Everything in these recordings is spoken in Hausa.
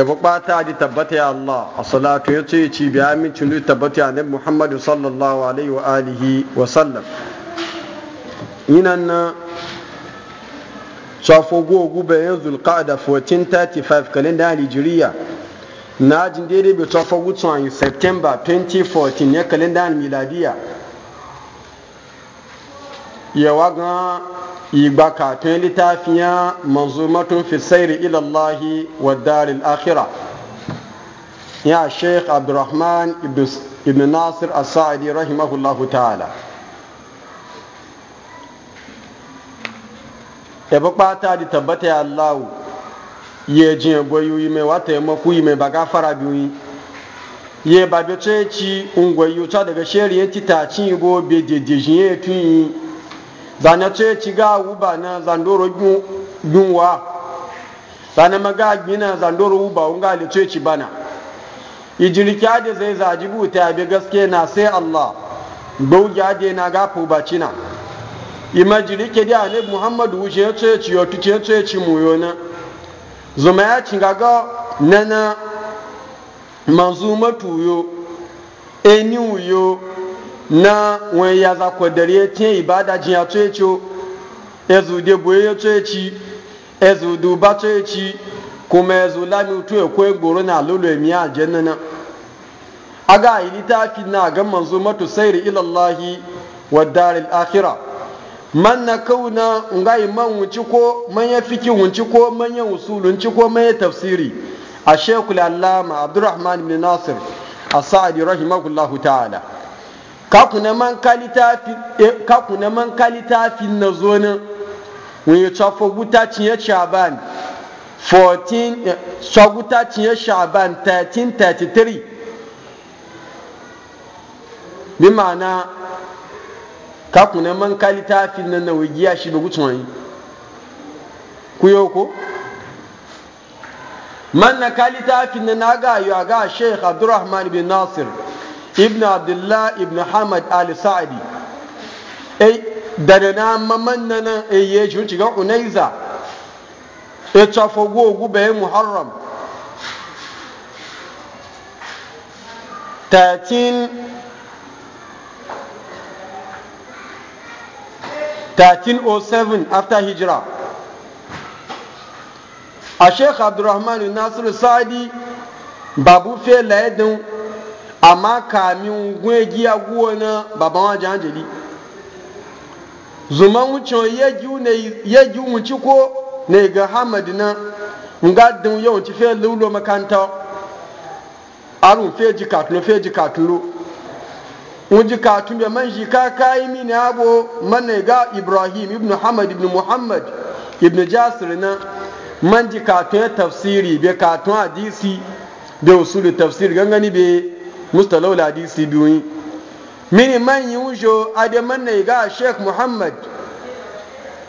ebe ɓata ji tabbata ya Allah a salatu ya ce ci biya min cilu tabbata ya nabi Muhammadu sallallahu alaihi wa alihi wa sallam yinan na safo gogu bayan zulqa'da 1435 kalenda Hijiriya na ajin daidai bai tafa yi September 2014 ya kalenda miladiya yawa gan igba katon littafiya manzumatun fisairi ilallahi wa daril akhira ya sheikh abdurrahman ibn nasir asadi rahimahullahu ta'ala ya bukata da tabbata ya allahu ya jiyan gwayoyi mai wata ya makuyi mai baga fara biyu ya babe ce ci ungwayo ta daga shari'a ta cin ibo bai jejjejin ya tun yi zana ce ci ga wuba na zandoro yunwa zana maga gina zandoro wuba wunga da ce ci bana ijirka da zai zaji buta bi gaske na sai Allah bauja da na gafu na. imajirike da ne muhammadu wuce ya ce ci yau ya ce ci muyo na zuma ya ci gaga nana matuyo yo eniyo na wani ya za kwadari ya tiye ibada jin ya tsoye ciyo ya zude boye ya tsoye ya zudu ba kuma ya lami to ya egboro na lolo miya aljanna na aga yi littafi na ga manzo matu sayri ilallahi wa daril manna man na kauna ngai man wunci ko man ya fiki ko man usulun ci ko man tafsiri a shekul allama abdurrahman ibn nasir a sa'adi rahimahullahu ta'ala kakuna man kalita fi na eh, zonin wani tsofo guta cinye shaban 14 tsoguta cinye shaban 1333 bi ma'ana kakuna man kalita fi na nawigiya shi da gutsun wani yi ko man na kalita fi na naga ga sheikh abdurrahman bin nasir ibn abdullah ibn hamad Ali sa'adi ai eh, dana na mamanna nan ai eh, ya ji ga unaiza ya gube muharram 1307 after Hijra. a sheikh abdurrahman nasir sa'adi babu fe laidin amma kamin gwegi ya guwa na baban wa janjali Zuma wucin ya gi wuci ko ne ga hamad na nga dun yau ci fe lulo makanta arun fe ji katulo fe ji katulo un ji katun be man ji ka kai mini abo man ga ibrahim ibnu hamad ibnu muhammad ibnu jasir na man ji katun tafsiri be katun hadisi be usul tafsir gangani be mustalaula hadisi biyu mini man wujo ademan ne ga sheikh muhammad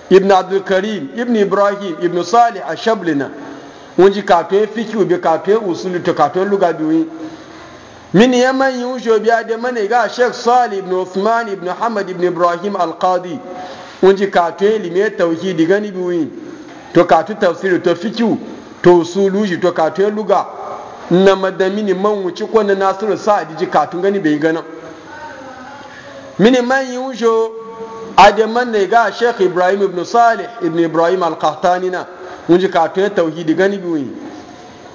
ibn abdulkarim ibn ibrahim ibn salih a shablina wọ́n ji kàtó fíkì òbí usulu tó kàtó luga biyu mini ya man yunjo bi ademan ne ga sheikh salih ibn usman ibn muhammad ibn ibrahim alqadi wọ́n ji kàtó ilimi tauhidi gani biyu to kàtó tafsiri to fíkì to usulu ji to kàtó lùgà na ne man wuce kwanan nasiru nasiru a ji katun gani bai gana mini man yi wujo man ne ga sheikh ibrahim ibn salih ibn ibrahim al-qahtani na wuji katun ya tauhidi gani biyu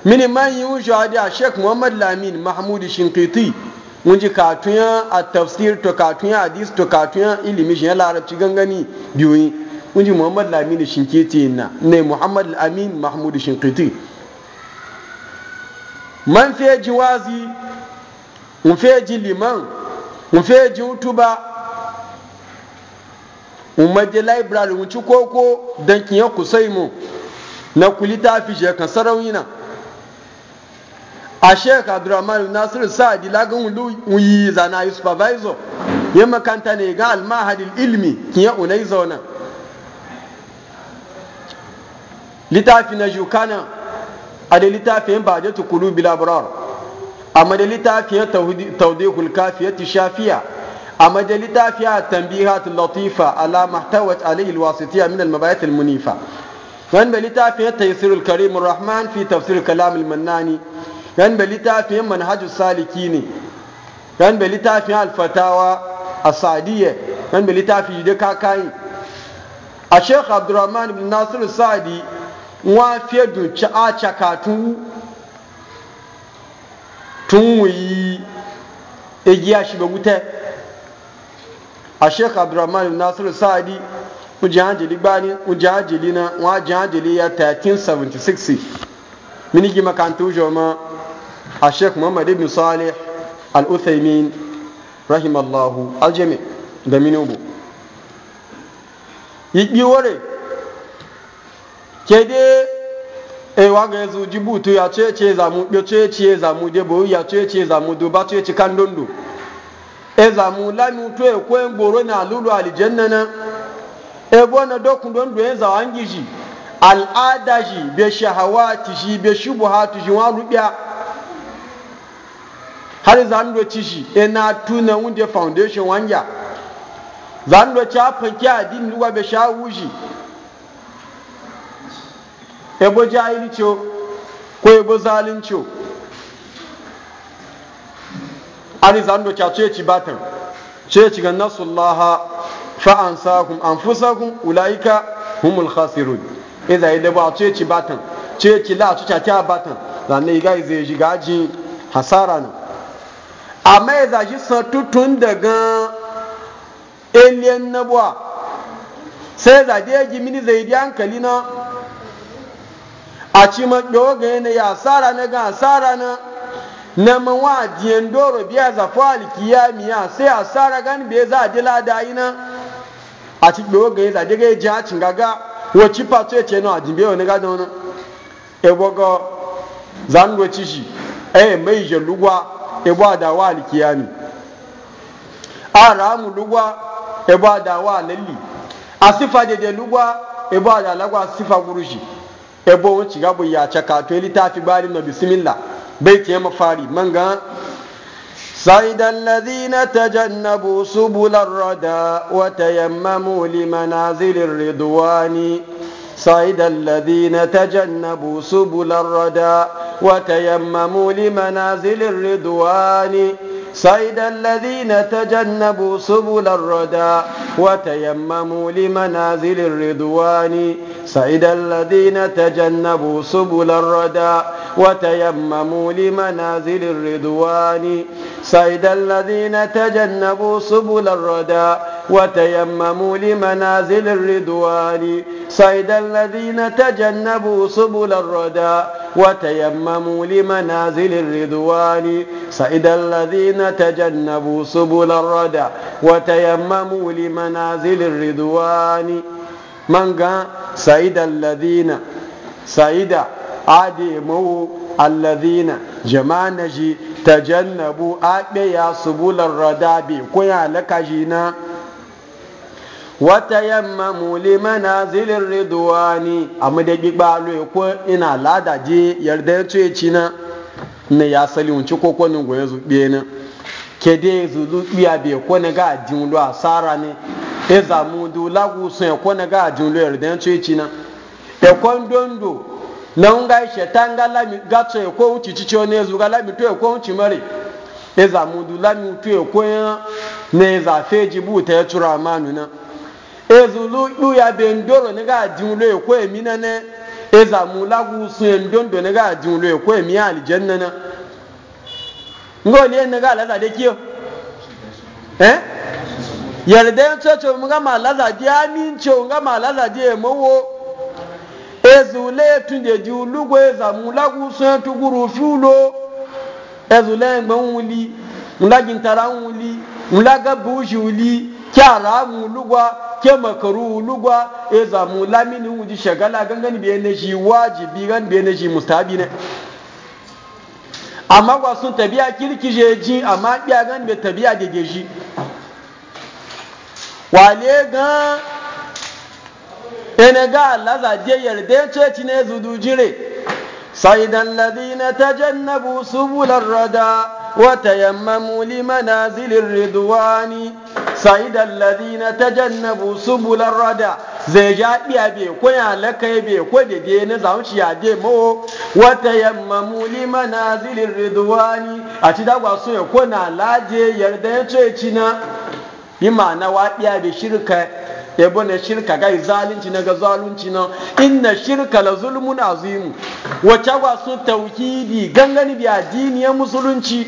mini man yi wujo a a sheikh muhammad lamin mahmud shinkiti wuji katun ya a tafsir to katun ya hadis to katun ya ilimi shi ya larabci gangani biyu wuji muhammad lamin shinkiti na ne muhammad lamin mahmud shinkiti man ji wazi mu ji liman mu feji utuba mu maje library mu ci koko don kiyan kusai mu na kulita fi shekan sarauni na a sheik abdurrahman nasiru sa'adi lagun yi zana yi supervisor ya makanta ne ga almahadin ilmi kiyan unai zauna littafi na jukana ada littafin bajatu qulubil abrar amma da littafin tawdihul kafiyati shafiya amma da tanbihat latifa ala mahtawat alayhi alwasitiya min almabayat almunifa wan ba littafin taysirul karim rahman fi tafsir kalam almannani wan ba littafin manhajus salikini wan ba littafin alfatawa asadiyya wan ba littafin da kakai a sheikh abdurrahman ibn nasir sa'di wọ́n fẹ́ dùn àtsaka tun tún wòye èyí àṣìbẹ̀wútẹ́ àṣekà abdulrahman nasiru sáàdì wọ́n jẹ́ àjèlí na wọ́n jẹ́ àjèlí ya thirteen seventy six minigi makantu wujọ ma àṣekà muhammad ibn salih al-uthaymin rahimallahu aljami da minubu yi wore kede ewa ga yanzu jibutu ya ce za mu ya ce za mu de bo ya ce za mu do ba ce kan dondo e zamu lami to e ko ngoro na lulu aljanna na e bona dokun dondo e za wangiji al'ada ji be shahawati ji be shubuhatu ji wa rubia har zan do ci ji e na tuna wunde foundation wanja zan do ci din adin luwa be shawuji ebo jahilcio ko ebo zaluncio ani zando cha ceci batan ceci ga nasullaha fa ansakum anfusakum ulaika humul khasirun idza ida ba ceci batan ceci la ci cha batan ne ga zai ji gaji hasara ne amma idan ji san tutun daga alien nabwa sai zaje ji mini zai di hankali na a ci maɗo ga ya asara na ga asara na na mawa jiyan doro biya za fali ya sai asara gan be za a dila da ina a ci ɗo ga yana daga ya ji hacin gaga wacce fato ya ce na ajin e biya wani gada wani ebo ga zango ci shi eh mai jalugwa ebo da wa alkiyami a ramu lugwa ebo da wa lalli lugwa ebo da lagwa sifa gurushi ebo wanci gabu ya caka to ili tafi bari na bismillah bai ke mafari man ga saidan ladina tajannabu subulan rada wa tayammamu liman azilir ridwani saidan ladina tajannabu subulan rada wa tayammamu liman azilir ridwani سيد الذين تجنبوا سبل الردى وتيمموا لمنازل الرضوان سعد الذين تجنبوا سبل الردى وتيمموا لمنازل الرضوان سعد الذين تجنبوا سبل الردى وتيمموا لمنازل الرضوان سعد الذين تجنبوا سبل الردى وتيمموا لمنازل الرضوان سعد الذين تجنبوا سبل الردى وتيمموا لمنازل الرضوان man ga sa'ida alladhina sa'ida ade mawo alladhina jama'a ji tajannabu abe ya subular radabi ko ya lakaji na wata yamma muli mana zilin riduwani a da Balo ya ko ina ladaje yarda ya cina na na ya sali wunci ko kwanin na ke dai zulu biya bai ko na ga jin asara ne e zamu lagu sun ko na ga jun lo yarda so yi na e kon dondo na nga shetan ga lami ga so e ko uchi chicho ne zu ga lami to e ko uchi mare e zamu lami to e ko ya ne za feji bu ta tura manu na e lu ya bendoro ne ga jun lo e ko e na ne e zamu lagu sun dondo ne ga jun lo e ko e mi aljanna na ngo ne ga la da kiyo eh yarda coci mu ga malaza di aminci mu ga malaza di emowo ezule tunde ji ulugo mu lagu sun tuguru fiulo ezule ngbe wuli mulagi ntara wuli mulaga bushi wuli kyara mu lugwa ke makaru eza mu lamini wuji shagala gangan biye ne shi wajibi gan biye ne shi mustabi ne amma kwa sun tabiya kirkije ji amma biya gan biya tabiya da ji. wale gan ene ga laza je yarda ceci ne zudu jire sa'idan ladina tajannabu subul rada wa tayammamu limanazilin ridwani sa'idan ladina tajannabu subul rada zai ja biya bai koya lakai bai ko de bai na zaunci ya de mo wa tayammamu limanazilin ridwani a ci dagwa so ya kona laje yarda ya ce na yi ma'ana waɗiya da shirka ya na shirka gai zalunci na ga zalunci na inna shirka la zulmun azimu wacce wa su tauhidi gangani bi addiniyar musulunci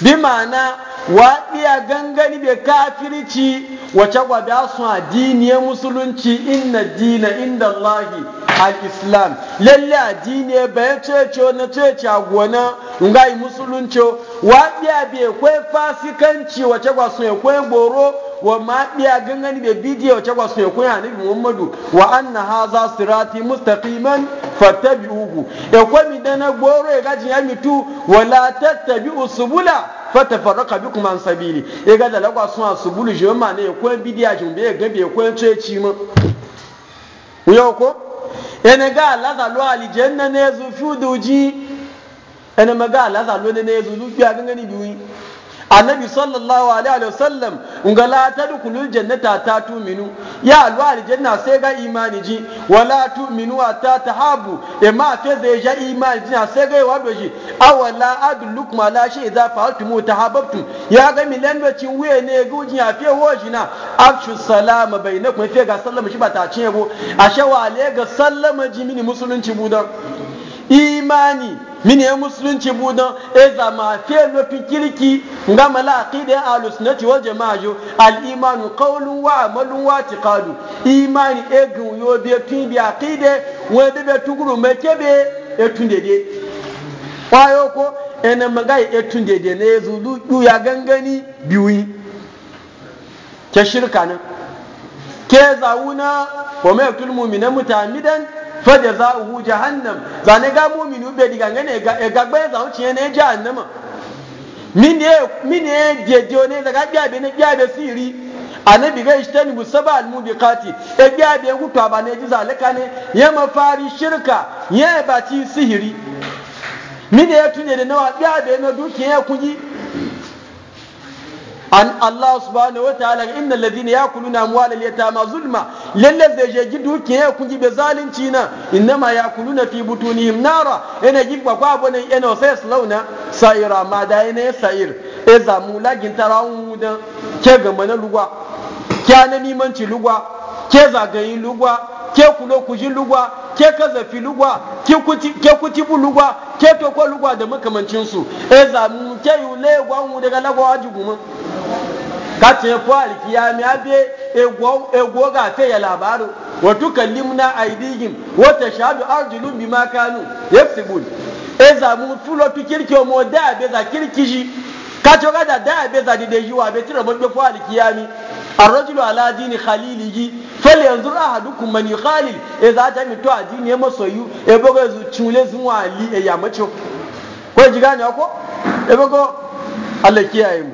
bi ma'ana waɗiya gangani bi kafirci wacce wa da su addiniyar musulunci inna dina inda Allahi al-islam lalle ya bayan cece na cece a gona ngai musulunci wa biya be fasikanci wace kwa sun goro wa ma biya gangan be bidiyo wace kwa sun kwe muhammadu wa anna hadha sirati mustaqiman fattabi'uhu e kwa mi dana goro e gajin ya mitu wala tattabi'u subula fatafarraqa bikum an sabili e ga da lagwa sun subulu je ma ne kwe bidiya jin be gabi be kwe ceci mu yo ko ene ga la da lo alijanna ne zu ana maga alaza lone ne zulu biya gangani biyu annabi sallallahu alaihi wa sallam. Ngala ta tadkhulul jannata ta tuminu ya alwa aljanna sai ga imani ji wala tuminu ta tahabu e ma fe zai ja imani ji sai ga wado ji awala adlukum la shi idza fa'altum tahabbtum ya ga milan bacin wuye ne guji ya fe ji na afshu salama bainakum fe ga sallama shi ba ta cin yabo ashe wa ga sallama ji mini musulunci budan imani mini ya musulunci budon e zama fiye lofi kirki nga mala aqida ya ahlus sunnati wal jamaa al iman qawlun wa amalun wa i'tiqadu imani e gun yo be tun bi aqida we be be tuguru me kebe e tun dede wayo ko ene magai e tun dede ne zulu du ya gangani biwi ke shirka ne. ke zawuna wa ma yaktul mu'mina mutamidan fajaza'uhu jahannam zane ga mu'minu be diga ngane ga e, ga gbe za uci ne jahannama mine mine jeje ne daga biya be ne biya be siri anabi ga ishtani musaba almubiqati e biya be ku to ji zalika ne ya mafari shirka ya bati sihiri mine ya tunye da nawa biya be na dukiya e kuji an Allah subhanahu wa ta'ala innal ladina yakuluna amwalal yatama zulma lalle zai je gidu ke ya kunji be zalunci na innama yakuluna fi butunihim nara ina gibba kwa bonan ina sai launa saira ma da ina sair e za mu lagin tarawun da ke ga mana lugwa ke na nimanci lugwa ke yi lugwa ke kulo kujin lugwa ke fi lugwa ke bu lugwa ke lugwa da makamancinsu e za mu ke yule gwanu daga lagwa mu. katin ko ya abe ego ga ta ya labaru wa tukallimna aidihim wa tashhadu arjulun bima kanu yaksubun e za mu fulo pikirki o mo da be za kirkiji kacho ga da da be za dide yiwa be tira mo be ko alkiyami الرجل على دين خليله فلينظر احدكم من يخالل اذا ta to addini e masoyu e ga zu chule zu wali e ya macho ko jigani ko e bogo Allah kiyaye mu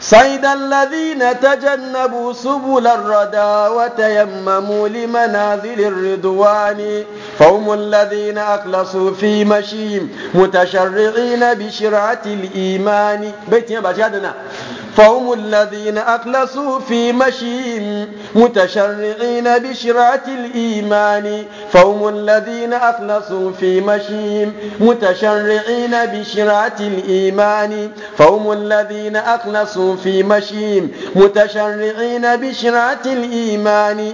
صيد الذين تجنبوا سبل الردى وتيمموا لمنازل الرضوان فهم الذين أخلصوا في مشيهم متشرعين بشرعة الإيمان بيتنا بشهدنا فهم الذين أخلصوا في مشيهم متشرعين بشرعة الإيمان فهم الذين أخلصوا في مشيهم متشرعين بشرعة الإيمان فهم الذين أخلصوا في مشيهم متشرعين بشرعة الإيمان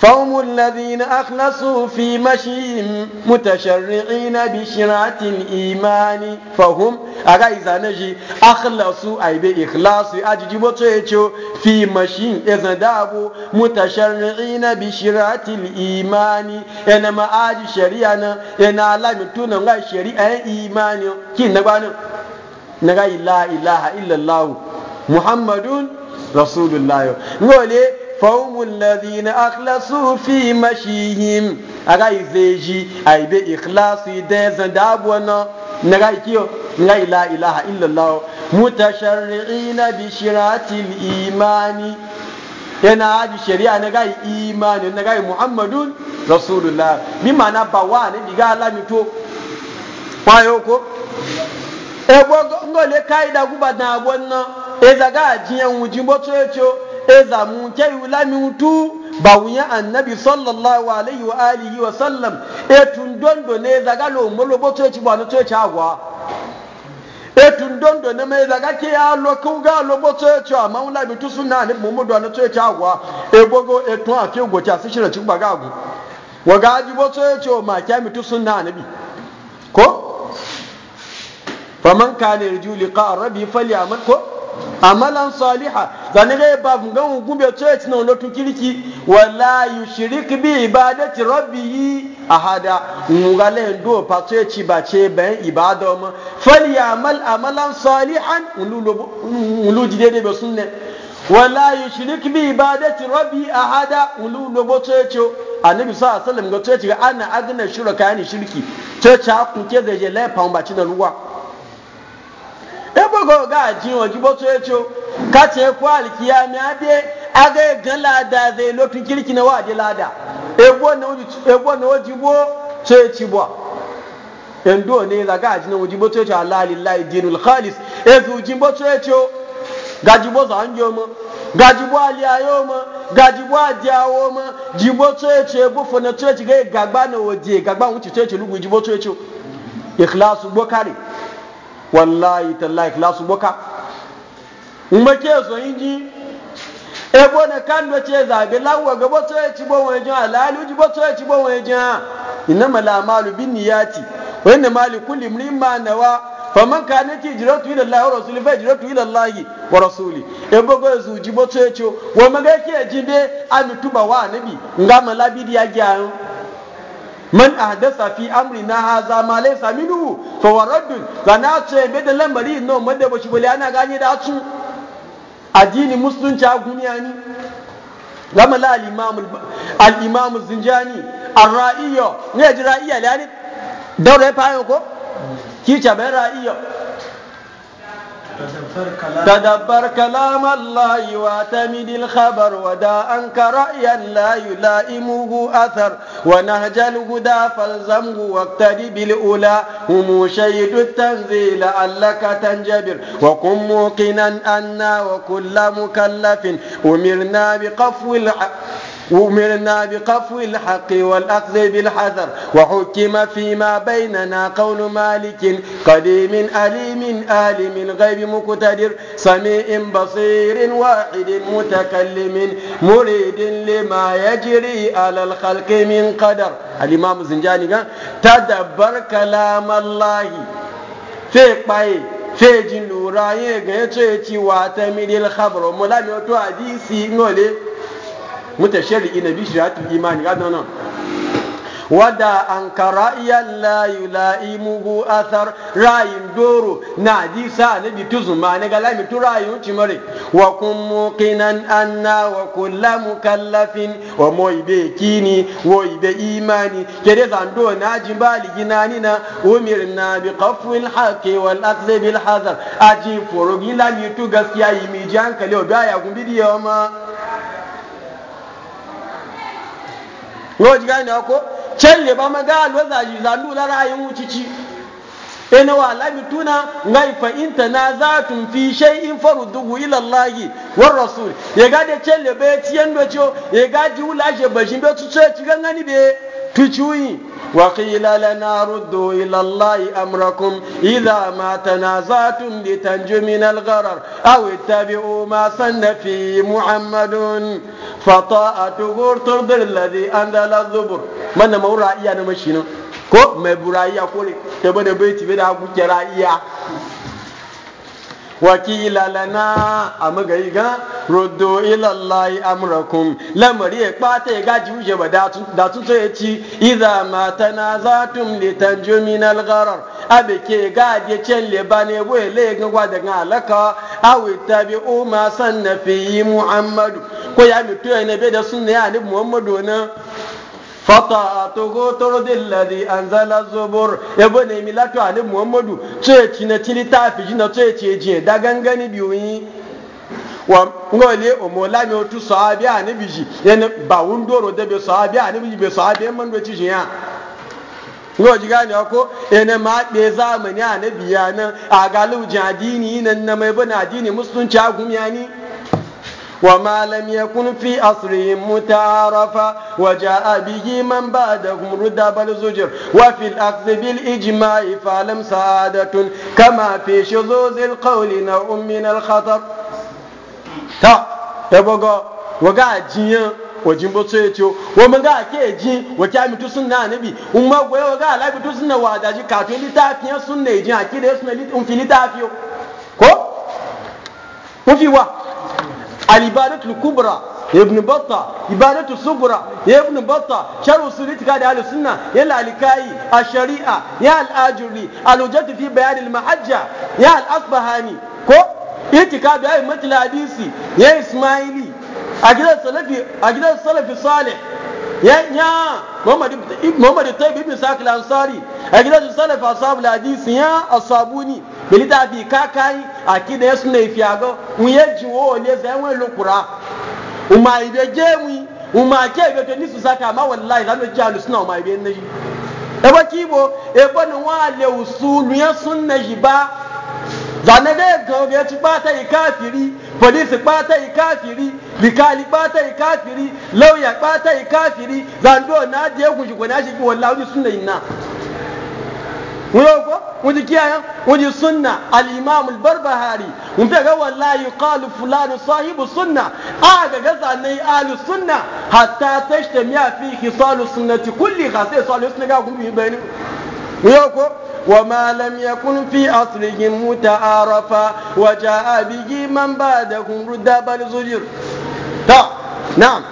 فهم الذين أخلصوا في مشيهم متشرعين بشرعة الإيمان فهم أغايزا نجي أخلصوا أي بإخلاص أجيبو تيتشو في مشيهم إذا دابوا متشرعين بشرعة الإيمان إنما أجي شريعنا إن الله متونا غاي شريعة إيمان كي نبانو نغاي لا إله إلا الله محمد رسول الله نقول فهم الذين أخلصوا في مشيهم أغاي زيجي أي بإخلاصي ديزن دابونا نغاي كيو نغاي لا إله إلا الله متشرعين بشرات الإيمان yana haji shari'a na gai imani na gai muhammadun rasulullah bi mana ba wa ebo ngole kai da guba na gwanna e zaga wujin boto e zamu ke yulamitu ba wuya annabi sallallahu alaihi wa alihi wa sallam e tundondo dondo ne zaga lo mo lo boto ci bwana to ci e tundondo dondo ne mai zaga ke ya lo ku ga lo boto ci amma wala bi tu sunna ne mu do na to ci agwa e bogo e tun afi go ci asi shira ci ba ga agu wa ga ji boto ci o ma kya mi tu sunna ne bi ko faman kana yarju fali rabbi falyamal ko amalan saliha zani ga ba mun ga mun gube church na lotun kirki wala yushrik bi ibadati rabbih ahada mun ga le ndo pa church ba che ben ibada mu amal amalan salihan ulu jide de be sunne wala yushrik bi ibadati rabbih ahada ulu lobo church annabi sallallahu alaihi wasallam ga church ga ana agna shuraka ni shirki church ha kun ke da je le pa mun ba ci da ruwa ebogo ga ji ojibo to echo ka ce ku alkiya mi ade aga gan lada ze lotun kirki na wade lada egbo na oji egbo na ojibo to echi bo endo ne la ga ji na ojibo to alali ala lillahi dinul khalis ezu jimbo to echo gajibo za njo mo gajibo ali ayo mo gajibo aje awo mo jibo to echo egbo fo na to ga egagba na oje gagba won ti to echo lugu jibo to echo ikhlasu gbokari wallahi tallahi klasu boka umake zo inji ebo na kando ce zabe lawa ga boto ya ci bo wajen alalu ji boto ya ci bo wajen inna mala malu bin niyati wa inna mali kulli imrin ma nawa faman kana ti jiratu ila Allah wa rasuli fa jiratu ila Allah wa rasuli ebo go zu ji boto ya ci wa maga ke jinde amituba wa nabi ngama labidi ya gyan man ahdasa fi amrina hadha ma laysa minhu fa waraddun zana ce be da lambari no madda bashi bali ana ganye da su addini musulunci a duniya ni gama la imam al-imam zinjani ar ra'iyo ne ji ra'iyya lani daura ya fayo ko ki ce ra'iyya تدبر كلام الله واعتمد الخبر ودا أنك رأيا لا يلائمه أثر ونهج الهدى فالزمه واقتدي بالأولى هم شيد التنزيل لعلك تنجبر وكن موقنا أنا وكل مكلف أمرنا بقفو العقل أمرنا بقفو الحق والأخذ بالحذر وحكم فيما بيننا قول مالك قديم أليم آلم الغيب مقتدر سميع بصير واحد متكلم مريد لما يجري على الخلق من قدر الإمام الزنجاني تدبر كلام الله في قبائل fejin lura yin ga ya ce cewa ta midil khabar mu lami wato hadisi ngole Mutu shirin ina bishiya tu imanin ha? Wadda Ankaro yana laifukan asarar rayu ɗoro, na ji tsada na biyu tuzuma na galamitu rayuwar tun mari, wa kuma muƙinan Ana wa kula kallafin, wama woyi kini, woyi bai imani, kede zando na ji bali gina nina, bi ƙarfin haki walak zai bi yin aji furguye na tu gaskiya ya yi miji hankali, wanda ya yi ma? ngoji gani ko challe ba maga loza ji zandu la rayin wucici ina wa lami tuna ngai fa in tanazatum fi shay'in farudduhu ila Allah war rasul ye ga de challe be tiyen do cho ye ga ji ula je bashin be tu ci gangani be tu wa qila lana ruddu ila Allah amrakum idha ma tanazatum litanju min al-gharar aw ittabi'u ma sanna fi muhammadun fata'atu gurtur dir ladhi andala zubur man ma wura iya na mashinin ko mai buraiya ko ne ta bada baiti bai da hakuke ra'iya wakila lana a rodo gan rodo ilallahi amurakum lamari ya kpata ya gaji wuce ba da tuto ya ci iza mata na za tum le tanjo min algarar gaji ya le ba ne boye le ga gwa daga alaka awi tabi o ma san na fi muhammadu ko ya mutu ya ne bai da sunna ya ne muhammadu na fata'atuhu turdil ladhi anzala zubur ebo ne mi lato ali muhammadu tsoye ci na tili ta fi jina tsoye ci ji da gangani biyu yi wa ngole omo la mi otu sahabi ani biji yana ba wundoro da be sahabi ani biji be sahabi man do ci jiya ngo ji gani ko ene ma be zamani ani biya nan a galu jadini nan na mai bana dini musulunci agumya ni وما لم يكن في أصلهم متعارفا وجاء به من بعدهم ردب الزجر وفي الأخذ بالإجماع فلم سعادة كما في شذوذ القول نوع من الخطر وقع جيان wajin bo tsoye ciyo wa mun ga ke ji wa kya mitu sunna annabi un ma goye wa ga la mitu sunna wa daji ka to litafiyan sunna ji akida sunna lit un fi litafiyo ko ku fi wa العبادة الكبرى ابن بطة عبادة الصغرى ابن بطة شر سنة كاد أهل السنة يلا لكاي الشريعة يا الآجري الوجات في بيان المحجة يا الأصبهاني كو اعتقاد يا مثل حديثي يا إسماعيلي أجل السلفي أجل السلفي صالح ya nya muhammad tayyib ibn sa'd al-ansari a gidan su salaf ashabu hadisi ya asabuni bili ta bi kakai akida yasu ne fiago un ye jiwo le zai won lokura uma ibe jemi uma ke ibe to nisu saka ma wallahi zanu ji alu suna uma ibe naji e ba kibo e ba no wa le usulu polisi likali bata yi kafiri lauya bata yi kafiri zando na je ku shi gona shi wallahi wani sunna yin na wuyoko wani kiyayen wani sunna al'imamu barbahari mun fi ga wallahi kalu fulani sahibu sunna a ga gaza na yi alu sunna hatta ta shi tamiya fi ki salu sunnati kulli ka sai salu sunna ga kuma yi bayani wuyoko وما لم يكن في أصلهم متعارفا وجاء به من بعدهم رد بل زجر ta na'am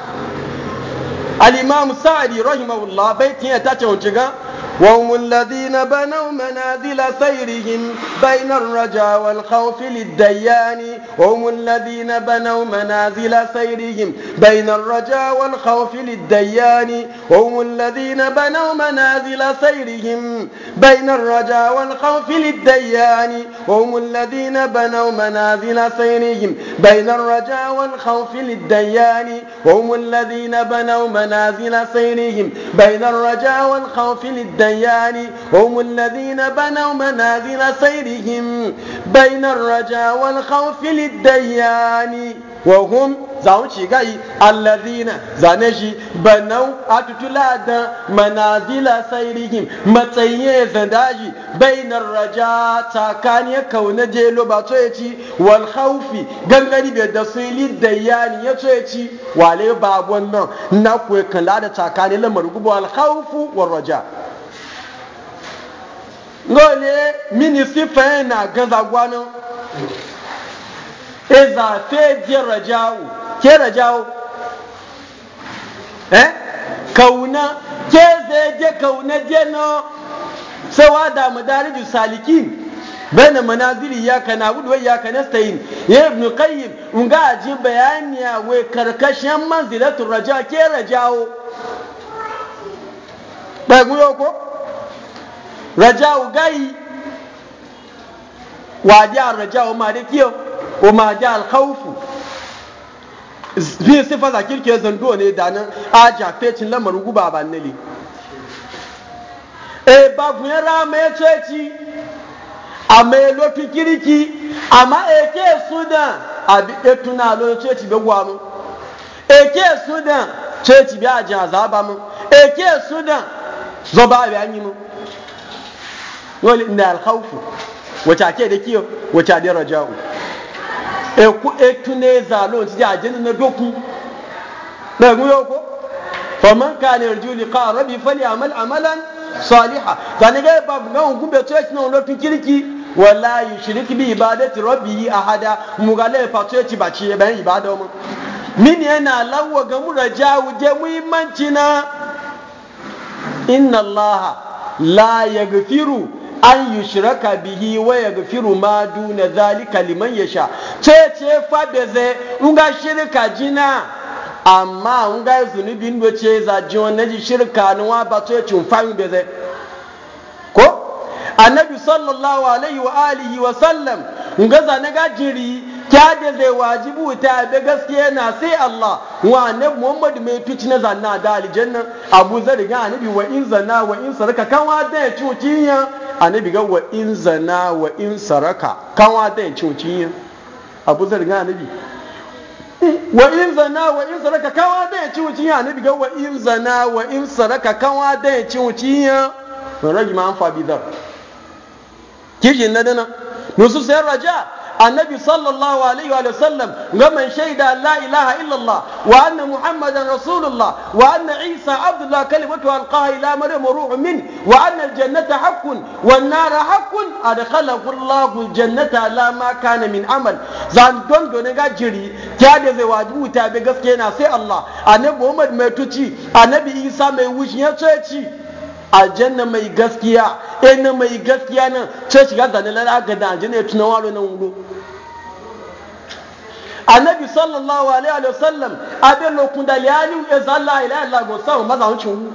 al-imam sa'di rahimahullah baitin ya tace wuce ga وهم الذين بنوا منازل سيرهم بين الرجاء والخوف للديان وهم الذين بنوا منازل سيرهم بين الرجاء والخوف للديان وهم الذين بنوا منازل سيرهم بين الرجاء والخوف للديان وهم الذين بنوا منازل سيرهم بين الرجاء والخوف للديان وهم الذين بنوا منازل سيرهم بين الرجاء والخوف للديان الديان هم الذين بنوا منازل سيرهم بين الرجاء والخوف للديان وهم zaun ci gai allazina zane shi banau atutula da manazila sairihim matsayin zandaji bainar raja tsakaniyar kauna jelo ba to ya ci wal khaufi gangani da sun da yani ya to ya ci wale babon nan na kuwa kala da tsakaniyar lamar gubo al khaufu wal raja ne minisi fayin na gaza gwanin eza fe jera rajawu ke rajawu eh kauna ke zai je kauna je no sawa da madariju salikin bana manazili ya kana wudu ya kana stayin ya ibn qayyim unga ga aji bayani ya wai karkashin manzilatul raja ke rajawo ba guyo ko raja'u gai wa ja raja'u ma da kiyo wa ma ja alkhawfu fi sifa zakirke zando ne da nan aja fecin lamar guba ba nale e ba rama ya ceci a mai lofi kiriki amma eke sudan a biɗe tuna lo ceci bai gwa mu eke sudan ceci bai ajin azaba mu eke sudan zoba bi an yi mu wani ina alhaufu wacce ake da kiyo wacce ne raja'u e ku e tune zalo ci ja jin na doku na guyo ko fa man kana yarju liqa rabbi falyamal amalan saliha zani ga ba ga hungu be to na lo tun kiriki wala yushrik bi ibadati rabbi ahada mugale fa to ci ba ci ben ibada mu min yana lawa ga mu raja'u je muhimmanci na inna allaha la yaghfiru an shiraka bihi ga firu ma duna zalika liman sha ce ce fa zai unga shirka jina amma nga zunubi ndo ce za jiwa ji shirka nuwa ba to cin fa zai, ko annabi sallallahu alaihi wa alihi wa sallam unga zane ga jiri kyade zai wajibu ta bi gaskiya na sai Allah wa annabi Muhammad mai fici na zanna da aljanna Abu Zar ga annabi wa in zanna wa in saraka kan wa da cuciya annabi ga wa in zanna wa in saraka kan wa da cuciya Abu Zar ga annabi wa in zanna wa in saraka kan wa da cuciya annabi ga wa in zanna wa in saraka kan wa da cuciya rajma an fa bidar kishin na dana nusu sayar raja annabi sallallahu alaihi wa sallam ga man shaida la ilaha illallah wa anna muhammadan rasulullah wa anna isa abdullah kalimatu alqaha ila maryam ruhun min wa anna aljannata haqqun wan nara haqqun adkhalahu allah aljannata la ma kana min amal zan don don ga jiri ta da zai wajibu ta be gaskiya na sai allah annabi muhammad mai tuci annabi isa mai wucin ya ci aljanna mai gaskiya ina mai gaskiya nan ce shiga zane lalaga da aljanna ya tuna walo nan wuro annabi sallallahu alaihi wa sallam abin lokun da liyani ya zalla ila ila go sa ma za wucin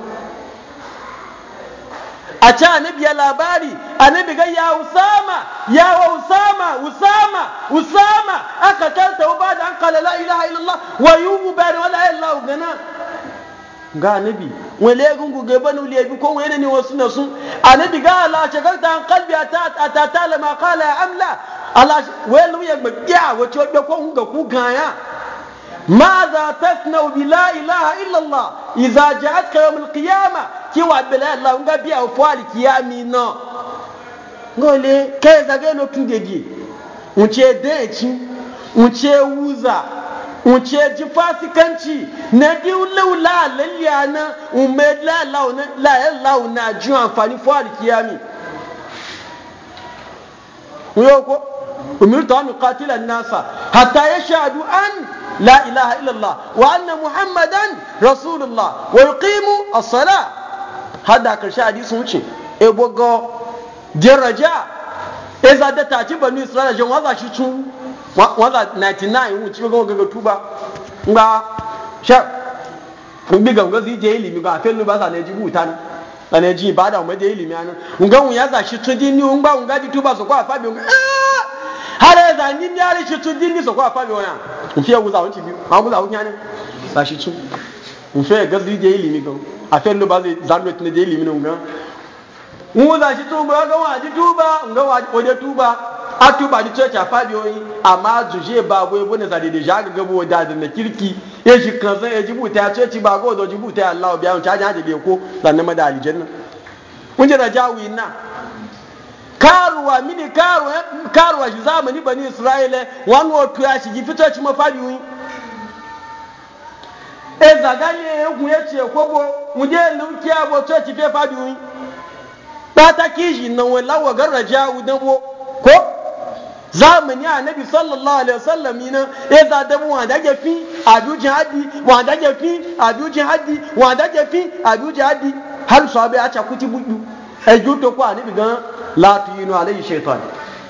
a ce annabi ya labari annabi ga ya usama ya wa usama usama usama aka tarta ba da an kala la ilaha illallah wa yubu bayan wala ilaha illallah gana ga annabi wale gungu ga nuli le bi ko wani ne wasu na sun diga ala Allah shagarta an kalbi a ta ta lama ya amla Allah wai lu ya biya wato da ko ga ku gaya ماذا تصنع بلا إله إلا الله إذا جاءتك يوم القيامة كي وابلا الله ونغا بيا وفوالي كيامي نو ngole kai zage no tungegi unce deci unce wuza wuce ji fasikanci na biyu laula lalya na umar lalau na e ji amfani fawar kiyami ko umirtu an qatila nasa hatta yashhadu an la ilaha illallah wa anna muhammadan rasulullah wa yuqimu as-sala hada karshe hadisi wuce e bogo jaraja e zadata ci banu isra'ila jan waza shi tun wata 99 wuce ga gaga tuba nga shek bi ga zai zije ilimi ga felu ba sa ne ji buta na ba ne ji ba da mu da ilimi anu nga mu ya za shi tudi ni un ba un ga ji tuba so kwa fabi nga ah! hare za ni ni hare shi tudi ni so kwa fabi ona nfi ya guza wuce biyu ma guza wuce ne sa shi tu nfi ga zije ilimi ga a felu ba zai zando ne da ilimi ne nga mu za shi tuba ga wa ji tuba nga wa ji tuba atu ba ni coci a fabiyoyi amma juje ba goyi bune zade da jaga gabo da da kirki ya shi kan san ji buta ya coci ba goyi da ji buta ya Allah biya mu caji haje bai ko sannan ma da aljanna kun da rajawi na karuwa mini karuwa karuwa shi zamani bani isra'ila wani wato ya shi gifi coci ma fabiyoyi e zaganye egun ya ce kogo mu je lukiya bo coci fe fabiyoyi ta ta kishi nan wai lawa garraja udan bo ko zamani annabi sallallahu alaihi wasallam ina ya za da mu wanda ke fi adu jihadi wanda ke fi adu jihadi wanda ke fi adu jihadi har sahabe a ta kuti budu e juto ko annabi gan la tuinu alaihi shaytan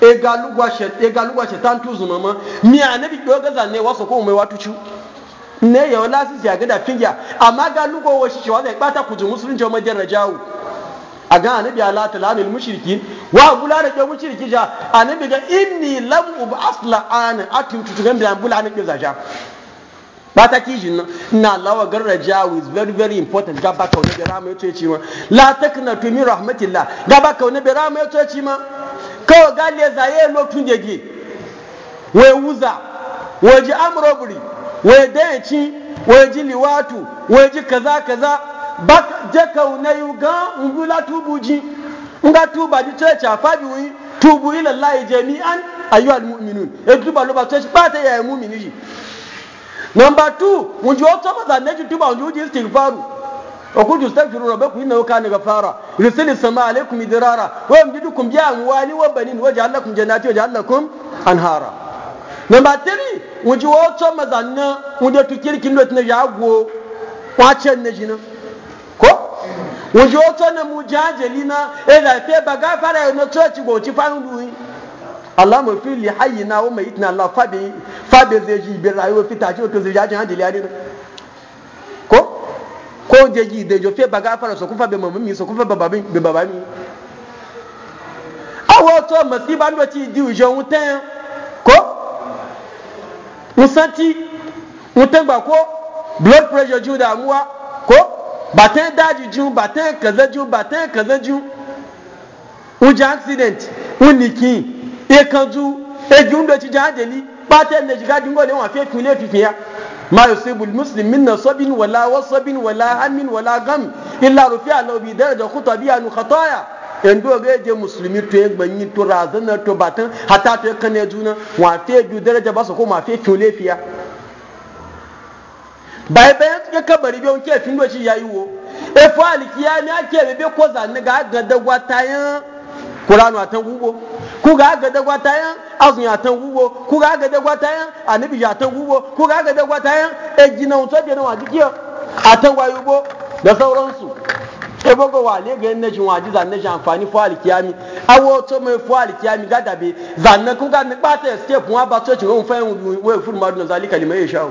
e galugwa shaytan e galugwa shaytan ma. zunama mi annabi do ga zanne wasu ko mai watu chu ne yau lasisi a gada fingiya amma galugwa wa shi shi wanda ya bata kuji musulunci wa madiyar rajawu a ga anabi ala talanil mushirki wa gula da ke mushirki ja anabi ga inni lam ub asla an atutu tugan bi ambula annabi za ja ba ta kiji nan na lawa garra jawo is very very important ga ba kauna bi rama yato yaci ma la takna tu min rahmatillah ga ba kauna bi rama yato yaci ma kawa ga le zaye ye tun da gi we wuza we ji buri we ci we ji liwatu we ji kaza kaza Bak na nẹyìn gan ngbula tubu jin nga tuba di church afabi wi tubu ilẹ lai jẹ mi an ayo alimu minu etuba loba church paate ya emu minu yi. number two njẹ ọtọ mọta ji tuba njẹ oji stick faru okunju step juru rọ bẹkun ina oka nika fara risili sama alekum idirara wẹẹm didi kun biya anwa ni wọn bẹni ni wọjà alakum jẹnati wọjà alakum anhara. number three njẹ ọtọ mọta nẹ njẹ tukiri kinu etu ne yagwo wọn achẹ na. wòye ó tó ne mu jẹ́ àjẹlí náà ẹ̀rọ ẹ̀fẹ́ bàgá fara ẹ̀ e ní chọ́ọ̀chì wò ti fáwọn lu yín. fi hayi na ó mẹ̀yìí tì náà lọ fábì fábì ẹ̀zẹ̀jì ìbẹ̀rẹ̀ ayé òfin tàjú òkè ẹ̀zẹ̀jì àjẹ́ àjẹlí adé náà. kó kó jẹjì ìdẹjọ fẹ́ bàgá fara sọ̀kú mi sọ̀kú fẹ́ bàbá mi bàbá mi. àwọn tó mọ̀sí bá lọ ti di ìjọ ń ko? kó ń santi ń blood pressure ju dààmú wa batan daji ju batan kaza ju batan kaza ju wuje accident wuniki ekanju ejun do ci jadeli batan da jiga dingo le wa fe kule fifiya ma yusibu almuslim min nasabin wala wasabin wala Amin wala gam illa rufi'a law bi daraja khutabiya nu khataya endo ga je muslimi to egbanyi to razana to batan hata to kane juna wa fe ju daraja basu ko ma fe fi ya. bai bayan suka kabari biyan nke fin doci ya yi wo e fa alikiya ne ake bebe ko zanne ga ga gwata ya kuranu atan gugo ku ga ga gwata ya azun atan gugo ku ga ga gwata tayan anabi ya atan gugo ku ga ga gwata ya e jina unto de na wajiki atan wayugo da sauransu e bogo wa le ga ne jin waji zanne jan amfani fa alikiyami awo to me fa alikiyami ga dabe zanne ku ga ni pata escape wa ba to chi won fa won we furu madu na zalika lima yashawu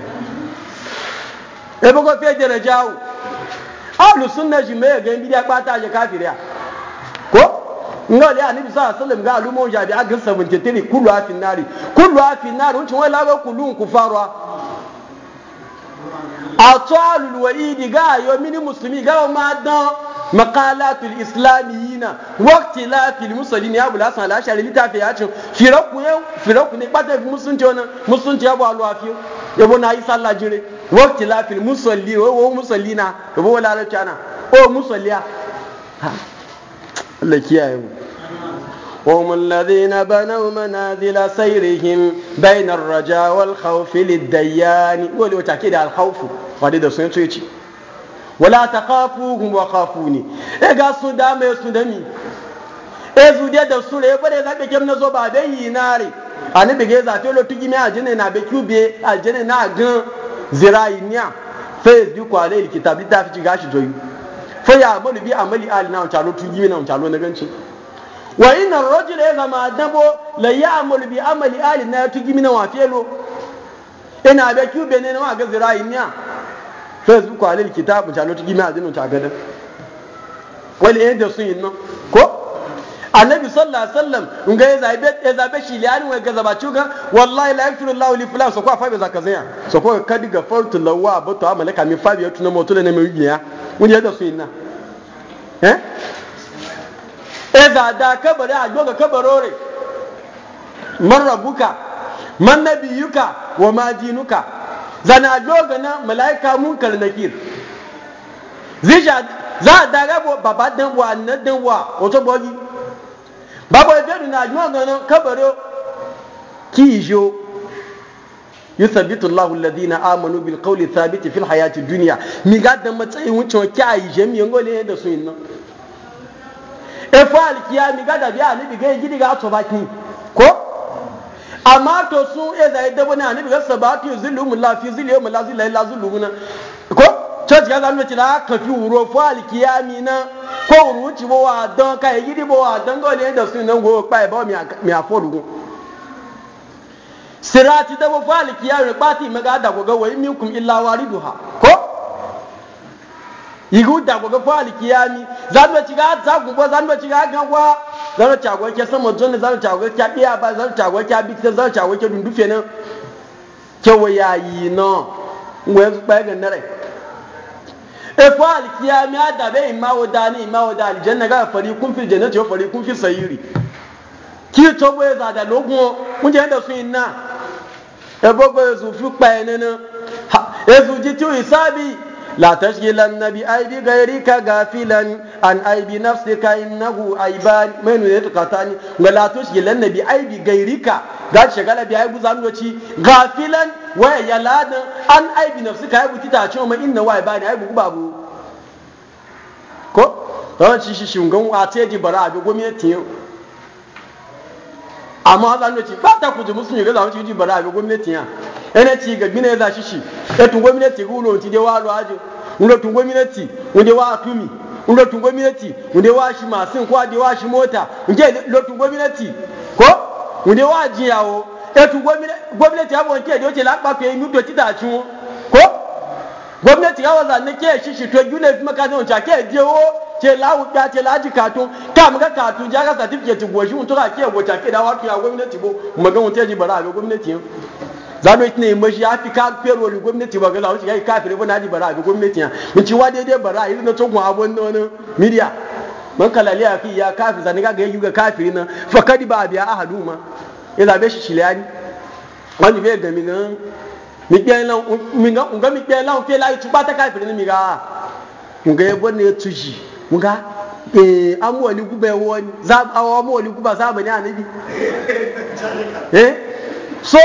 ebe ko fiye jere jawo ahlu sunna shi mai ga bidiya bata kafiri a? ko nga le ani bisa sallam ga alumo jabi agin 73 kullu afin nari kullu afin nari wuncin wai lawa kullu ku farwa atalul waidi ga yo mini muslimi ga ma dan maqalatul islamiyina waqti la fil musallin ya bula san la shari litafi ya cin firaku yau firaku ne bata musunci wannan musunci ya bu alwafi yabo na yi sallah jire wakti lafil musalli wa musalli na da bo lalata ana o musalliya Allah kiyaye mu هم الذين بنوا منازل سيرهم بين الرجاء والخوف للديان ولو تأكيد الخوف فهذا سنة ولا تخافوهم وخافوني إيجا سودام يسودمي ezu dia da sura ya bare zaka kem na zo ba dai yinare ani bige za to lo tigi me ajine na be kube ajine na gan zirayi niya fa yasbi ku alayhi kitab litafi gashi joyi fa ya amalu bi amali alina on chalo yi na on chalo na ganci wa inna rajul idha ma adabo la ya'malu bi amali tu gimi na wa fielo ina da kyu ne na wa ga zirayi niya fa yasbi ku alayhi kitab chalo tuji mina azinu ta gadan wal yanda sun yin ko annabi sallallahu alaihi wasallam in ga zabe ya zabe shi liyan wa ga zabacu ga wallahi la yaghfiru Allahu li fulan so ko fa be zaka zanya so ko kadi ga fartu lawa ba to amale mi fa be tuna motu ne mai giya mun da su inna eh e za da kabari a joga kabarore man rabuka man nabiyuka wa ma dinuka zana goga na malaika munkar nakir zija za a daga baba dan wa annadan dan wa wato bogi babu ebedu na ajima ganin kabaro kijo yusabitu Allahu alladhina amanu bil qawli thabiti fil hayati dunya mi ga da matsayin wucin ki ayi jami ne da su inna e fa alkiya mi ga da biya ni bi ga gidi ga to baki ko amma to sun e da yadda bana ni bi ga sabatu zillumullah fi zilli yawm la zilla illa ko church ya zanu ci la ka fi wuro fo alkiyami na ko wuro ci bo wa dan ka yidi bo wa dan go le da sun nan go pa e bo mi mi aforugo sirati da bo fo alkiyami pa ti maga da go ga wa minkum illa wariduha ko igu da go ga fo alkiyami zanu ci ga za go bo zanu ci ga ga kwa zanu ci agwa ke sama jonne zanu ci agwa ke biya ba zanu ci agwa ke bi zanu ci agwa ke dundufe nan ke wayayi no ngwe ba ga nare efa alkiyami adabe imma wada ni imma wada aljanna ga fari kun fi jannati wa fari kun fi sayiri ki to boye za da logun kun je da su inna e bogo su e fi pa enena su e ji ti isabi la tashghilanna bi aibi ghayrika gafilan an aibi nafsika innahu aiban menu ne tukatani wala tashghilanna bi aibi ghayrika ga shagala bi aibu zanwaci gafilan waya yaladan an aibi nafsika aibu titacin ma inna wa aibani aibu babu ko ran shi shi shingan a te ji bara abi gwamnati yau amma haza ne ci ba ta ku ji musun ga zamu ci ji bara abi gwamnati ya ene ci ga gine za shi shi e tun gwamnati ku lo ti de wa lo aje ndo tun gwamnati wonde wa atumi ndo tun gwamnati wonde wa shi masin ko ade wa shi mota nje lo tun gwamnati ko wonde wa jiyawo e tun gwamnati gwamnati abon ke de o ti la pa pe mi do ti da tun ko gwamnati ya waza ne ke shi shi to gune fi maka zan ke jewo ke lawu ya ke laji katun ka muka katun ja ka certificate go shi mutura ke go ta ke da wato ya gwamnati go magan wuce ji bara ga gwamnati za mu tine mu shi afi ka fero li gwamnati ba ga lawu shi kai kafire ba naji bara ga gwamnati ya mu ci wa daidai bara irin na tsogun abun nan media man kalali ya fi ya kafi zani ga ga yuga kafiri na fakadi ba biya ahaduma ila be shi shilani wani be ga nan. mi nga mi kpɛɛla n fela itu bata ka fere ni mi ga nga ye bɔne ye tuji nga ee eh, amu wali kuba ye wɔni za awo amu wali kuba za mani anabi eh so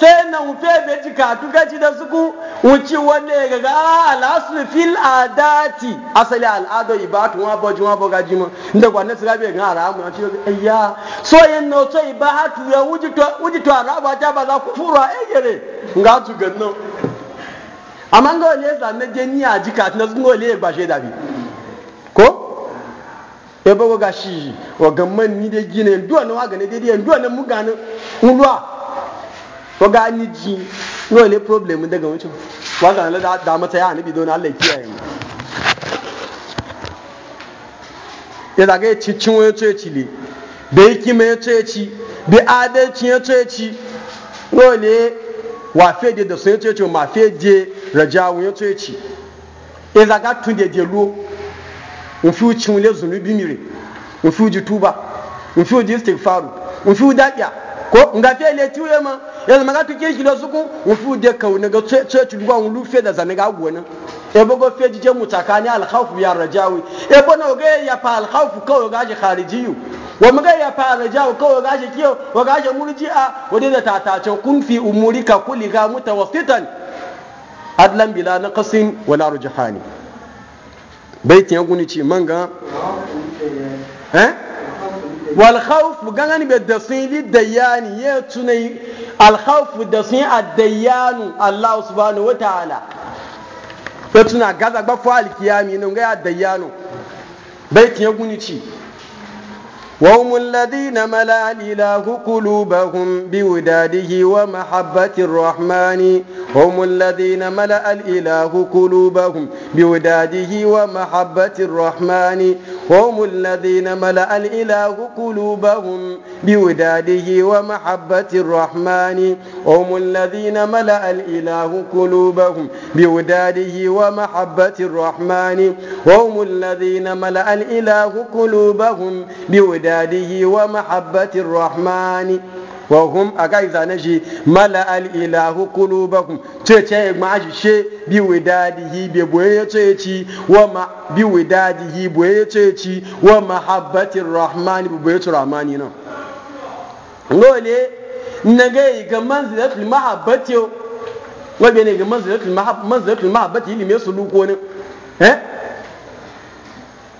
sai na wufe bai ci katukaci da suku wuci wane gaga alasu fil adati asali al'ado ibatu wa boji wa boga jima inda gwanin su gabe gan aramu an ce so yin so ya wuji to wuji to za ku fura nga tu ganno amma ngo ni na waga ni ji no le problem daga wucin waga na da mata ya annabi don Allah kiyaye mu ya daga ya ci cin wani tsoyaci ne da hikima ya tsoyaci da adalci ya tsoyaci no le wa fede da sun tsoyaci ma fede rajawu ya tsoyaci ya daga tun da je lo in fi cin le zunubi mire in fi ji tuba in fi ji istighfaru in fi daɗiya ko nga fe le tiwe ma yanzu maga tuke shi lo suku wufu de ka ne ga tsoye ci duwa wulu fe da zane ga gona e go fe jije mutakani al khawf ya rajawi e bono ga ya fa al khawf ko ga ji kharijiyu wa maga ya fa rajawi ko ga ji kiyo wa ga ji murji'a wa da tatacin kun fi umurika kulli ga mutawassitan adlan bila naqsin wala rujhani baitin ya guni ci manga eh wal khawf da be dasin li dayani ya tunai al khawf dasin ad dayanu Allah subhanahu wa ta'ala ya tuna gaza gba fa al kiyami ne ga dayanu bai tiya gunici وهم الذين ملا الإله قلوبهم بوداده ومحبة الرحمن هم الذين ملأ الإله قلوبهم بوداده ومحبة الرحمن هم الذين ملأ الإله قلوبهم بوداده ومحبة الرحمن هم الذين ملأ الإله قلوبهم بوداده ومحبة الرحمن هم الذين ملأ الإله قلوبهم بوداده ومحبة الرحمن wa hum aga izana shi mala al ilahu qulubakum ce ce ma she bi widadihi bi boye ya ce ci wa ma bi widadihi boye ya ce ci wa ma mahabbatir rahman bi boye ce rahmani na lole nage ga manzilatul mahabbati wa bi ne ga manzilatul manzilatul mahabbati ilimi suluko ne eh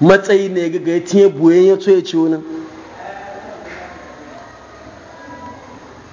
matsayi ne ga ga tiye boye ce ci wani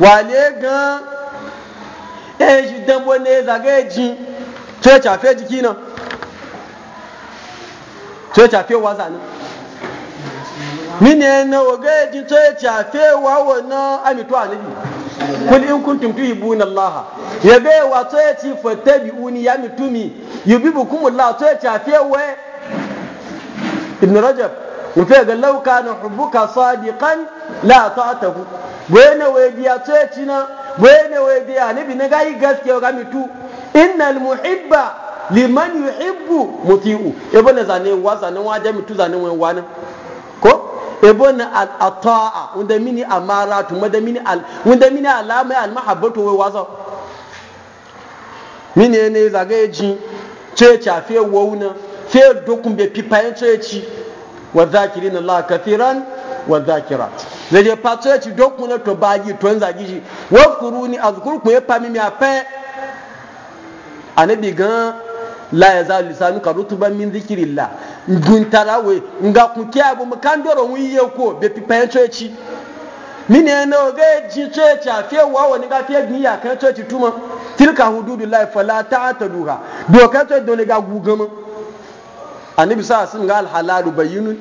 wale gan ɗaya eh, dambo ne zagaye ji to ya cafe jiki nan to ya cafe wa zanen mine na waga ji to ya cafe wa wannan amito anabi kul in kuntum tuhibuna Allah ya ga wa to ya ci fatabi'uni ya mitumi yubibukum Allah to ya cafe wa ibn rajab mufe ga lauka na hubuka sadiqan la ta'tahu wena we biya tsaci na wena we biya nabi na gayi gaskiya ga mitu innal muhibba liman yuhibbu muti'u ebo na zane wa zane wa da mitu zane wa wa ko ebo na al ata'a wanda mini amaratu wanda mini al wanda mini alama al mahabbatu wa wazo mini ne zagaye ji ce cha fe wona fe dokun be pipa en ce ci wa zakirin Allah kathiran wa zakira zai je fato ya ci dokku na to baji to an zagi shi wa kuruni azkurku ya fami mi afa anabi gan la ya zalu lisanu ka rutuban min zikirillah guntarawe nga kunke abu mukandoro wiye ko be pipa to ya ci mini yana oge ji coci a fiye wa wani ga fiye gniya kan coci tuma tilka hududu lai fala ta ta duha dokar coci dole ga gugama annabi sa sun ga alhalalu bayyinun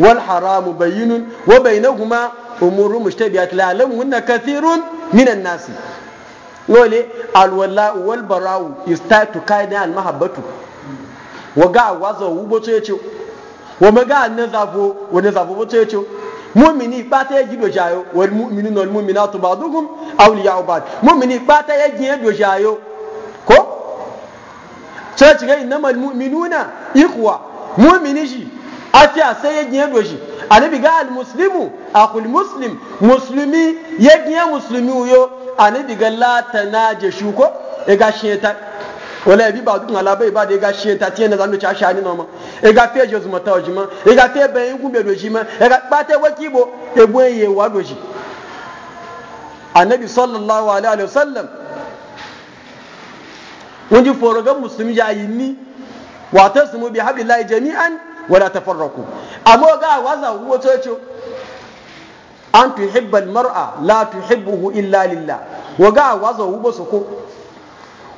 wal haramu bayyinun wa bainahuma umuru mushtabihat la hunna kathirun minan nasi lole alwala wal barau istatu kaida al mahabbatu wa ga wazo wubo to yace wa maga na zafo wa na zafo to yace mumini pata ya gido jayo wal mu'minu wal mu'minatu ba'duhum awliya'u ba'd mumini pata yaji gido jayo ko church ci ga innamal mu'minuna ikhwa mumini shi afiya sai ya giye doshi anabi ga almuslimu akul muslim musulmi ya giye musulmi uyo anabi ga la tanaje shu ko e ga sheta wala bi ba dukkan alaba ba de ga sheta tiye na zanu cha shani no ma e ga fe jesu mata ojima e ga fe ben gun be doshi ma e ga pate wakibo e gbo ye wa doshi anabi sallallahu alaihi wasallam wọ́n ti fọ̀rọ̀ gẹ́ mùsùlùmí yá yìí ní wa tasmu bi hablillahi jami'an wa la tafarraqu amma ga waza huwa to yace an tuhibba mar'a, la tuhibbuhu illa lillah wa ga waza huwa soko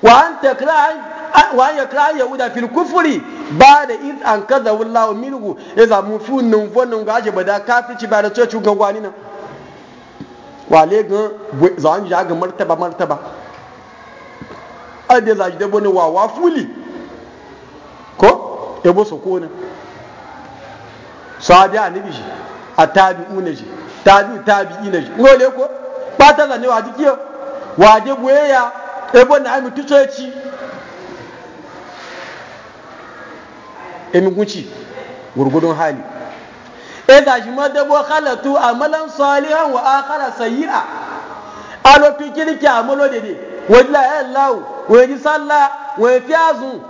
wa an takra wa an yakra yahuda fil kufri ba da iz an kaza wallahu minhu ya zamu fi nun fonnin ga aje bada kafici ba da tsoci ga gwani nan wale ga zan ja ga martaba martaba ade zaji da bone wa wa fuli ya bo soko na sahabi annabi shi a tabi'u na shi tabi'u tabi'i na shi ngole ko ba zane wa jiki wa je buyeya ya? Ebo na mi tusoci emi gunci gurgudun hali e da shi ma dabo khalatu amalan salihan wa akhara sayyi'a alo tu kirki amalo dede wajla ya lawo waji sallah wa fi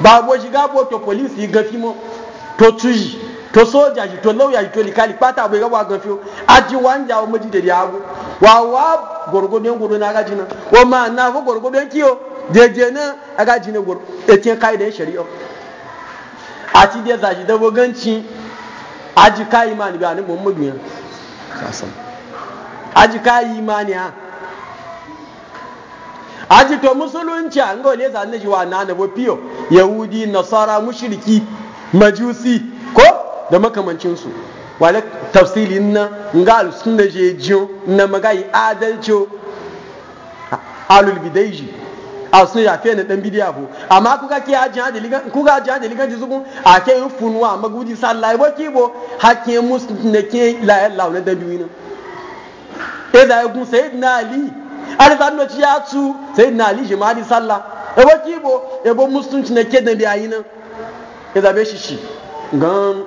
ba bo shi ga bo to police yi gafi mo to soja yi to lauya yi to likali pata bai ga ba gafi aji wanja o miji da yago wa wa gorgodon guru na gaji na ma na fa gorgodon kiyo jeje na aga jina guru etin kaidan shari'a ati dia zaji da boganci aji kai imani bi ani muhammadu ya sasan aji kai aji to musulunci an ga za zan ji wa na na bofiyo yahudi nasara mushriki majusi ko da makamancinsu wale wala tafsili na nga sunna je jiyo na magayi adalci alul bidaiji a sun ya fiye na dan bidiya bu amma kuka ke ajin adali ligan kuka ajin adali kan jisu a ke yi funuwa magudi sa laibo kibo bo hakin mus ne ke layar launar na dan biwina e da gun na ali alisan no ci ya tsu sai na ali jimadi sallah ebo kibo ebo musulunci na kedan bi ayi nan ya zabe shi shi gan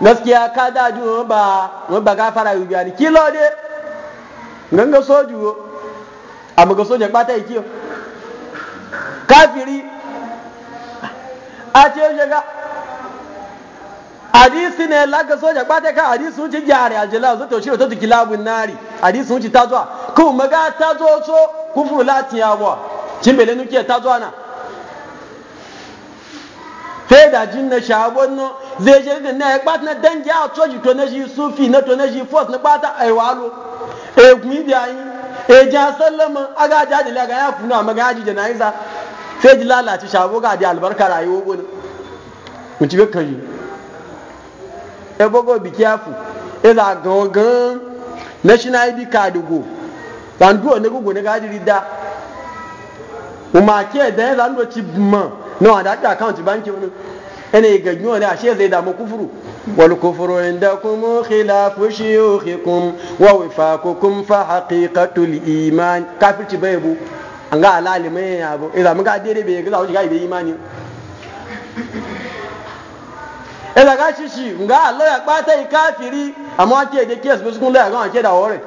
gaskiya ka da ju ba mun ba gafara yu biyani kilo de ganga soju amma ga soja ba ta yi kiyo kafiri a ce shiga hadisi ne laka soja kpata ka hadisi wuce gyare ajila zo to shiro to kilabu nari hadisi wuce ta zuwa ku maga ta zo so lati ya wa kin bele nuke ta zuwa na feda jin na shagon no zai je da na kpata na dangi a toji to na ji sufi na to na ji force na kpata, ai walo e, e gumi da yi e ja sallama aga jaji laga ya funa maga ji janaiza sai ji lalace shago ga da albarka rayuwa gona mu ci yi ebogo be careful eza gangan national id card go zandu one go go ne da o da ya zandu ci ma no ta account banki wani ene ga gyo ne ashe zai da mu kufuru wal kufru indakum khilafu shuyukhikum wa wifaqukum fa haqiqatul iman kafirci bai bu an ga alali mai yabo idan muka dai imani ila ga shishi nga Allah ya kpata kafiri amma ake da kes bisu kun da ga ake da hore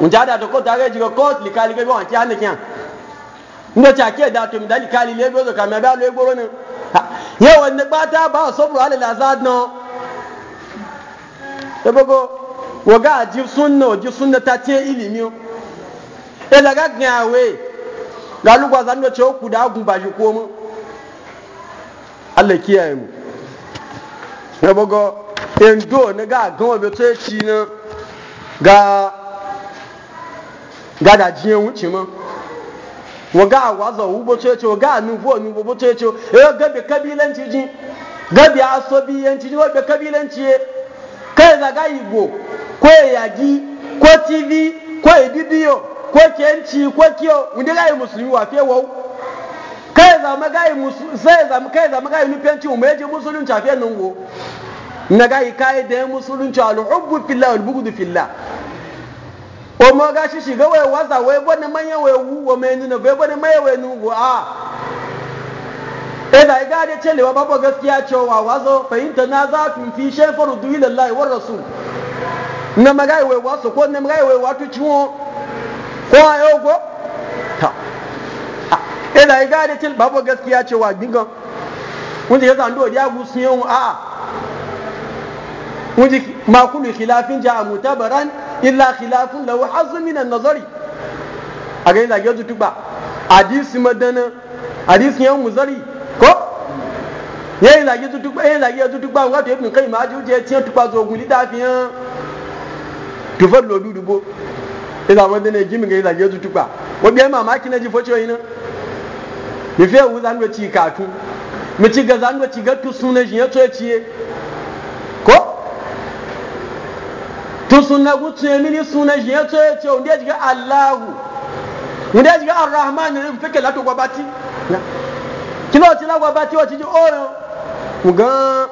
mun ja da to ko tare jiga court li kali ake an da to midali kali le bozo ka me ba lo ni ye wonne ba so bro ala la zad no to bogo woga ji sunna ji ta ce ilimi ila ga gawe ga zan do ce ku da gun ba ji ko mu Allah kiyaye mu na bago endo na ga gan wabe to e ci na ga ga da jiyan wuce ma waga a waza wubo to ce waga a nubo nubo bo to ce eh gabe kabilanci ji gabe asobiyanci ji wabe kabilanci kai zaga igbo ko yagi ko tv ko ibidiyo ko kenci ko kiyo wanda ga musulmi wa fe wau kai zama ga musulmi sai zama kai zama ga nufanci mu yaje e musulunci a fe nan go na ga kayi da ya musulunci al'ubbu fillah wal bugudu fillah o mo ga shi shiga wai waza wai bane manya wai wu wa mai nuna bai bane maya wai nugu a eh da ga da cewa babu gaskiya cewa wazo fahimta na za ku fi shay farudu ila Allah war rasul na magai wai wasu, ko na magai wai watu ciwo ko ayo ko ta eh da ga da cewa babu gaskiya cewa gingan wanda ya zando ya gusiyo a wuji ma kullu khilafin ja'a mutabaran illa khilafun lahu hazzun min an-nazari a ga zage zutu ba hadisi madana hadisi yan muzari ko yayi zage zutu ba yayi zage zutu ba wato ibn kai ma je ce tupa zo guli dafiyan tufar lodu dubo ila madana gimi ga zage zutu ba wabi ai mamaki na ji fo focewa ina mi fe wu zan ci katu mi ci ga zan ci ga tu sunan shi ya ciye ko to suna gutu ya mini suna shi ya ce ce wanda ya jiga Allahu wanda ya jiga Ar-Rahman ne fike lato gwabati kilo ti la gwabati o ti ji oro nga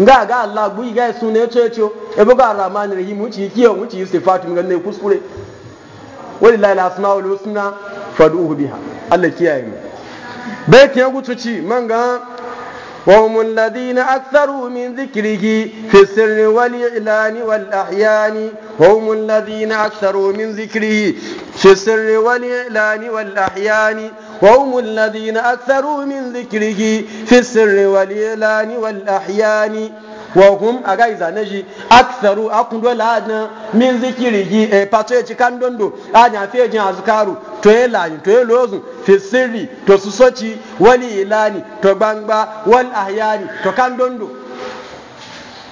nga ga Allah bu ga suna ya ce ce e buga Ar-Rahman ne mu ci kiyo mu ci sifatu ga ne kuskure walillahi al-asmaul husna fad'uhu biha Allah kiyaye mu bai tiya gutu ci man ga وهم الذين أكثروا من ذكره في السر والإعلان والأحيان وهم الذين أكثروا من ذكره في السر والإعلان والأحيان وهم الذين أكثروا من ذكره في السر والإعلان والأحيان وهم أجايزا نجي أكثروا أقول لنا من ذكره أي باتوية كان دوندو أجا فيجي أذكاره to ya layu to ya lozu fi sirri to su soci wani ilani to gbangba wani ahyani to kan dondo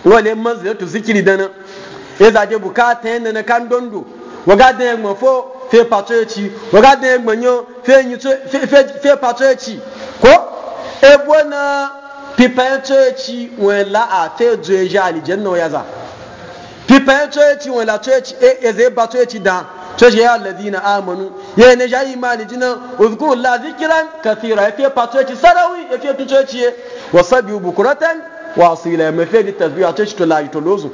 wale manzila to zikiri dana ya zaje bukata yana na kan dondo waga da ya gbafo fe pato waga da ya gbanyo fe pato ko ebo na pipa ya to wani la'a fe zuwa ya ji alijan na oyaza. za pipa ya to ya ci wani la to ya ba to dan to ya alladhina amanu ya ne ja imani jinan uzkuru la zikran kathira ya fiye pato ci sarawi ya fiye tun coci wa sabiu bukuratan wa asila ya fiye tasbiya to ci to la to lozu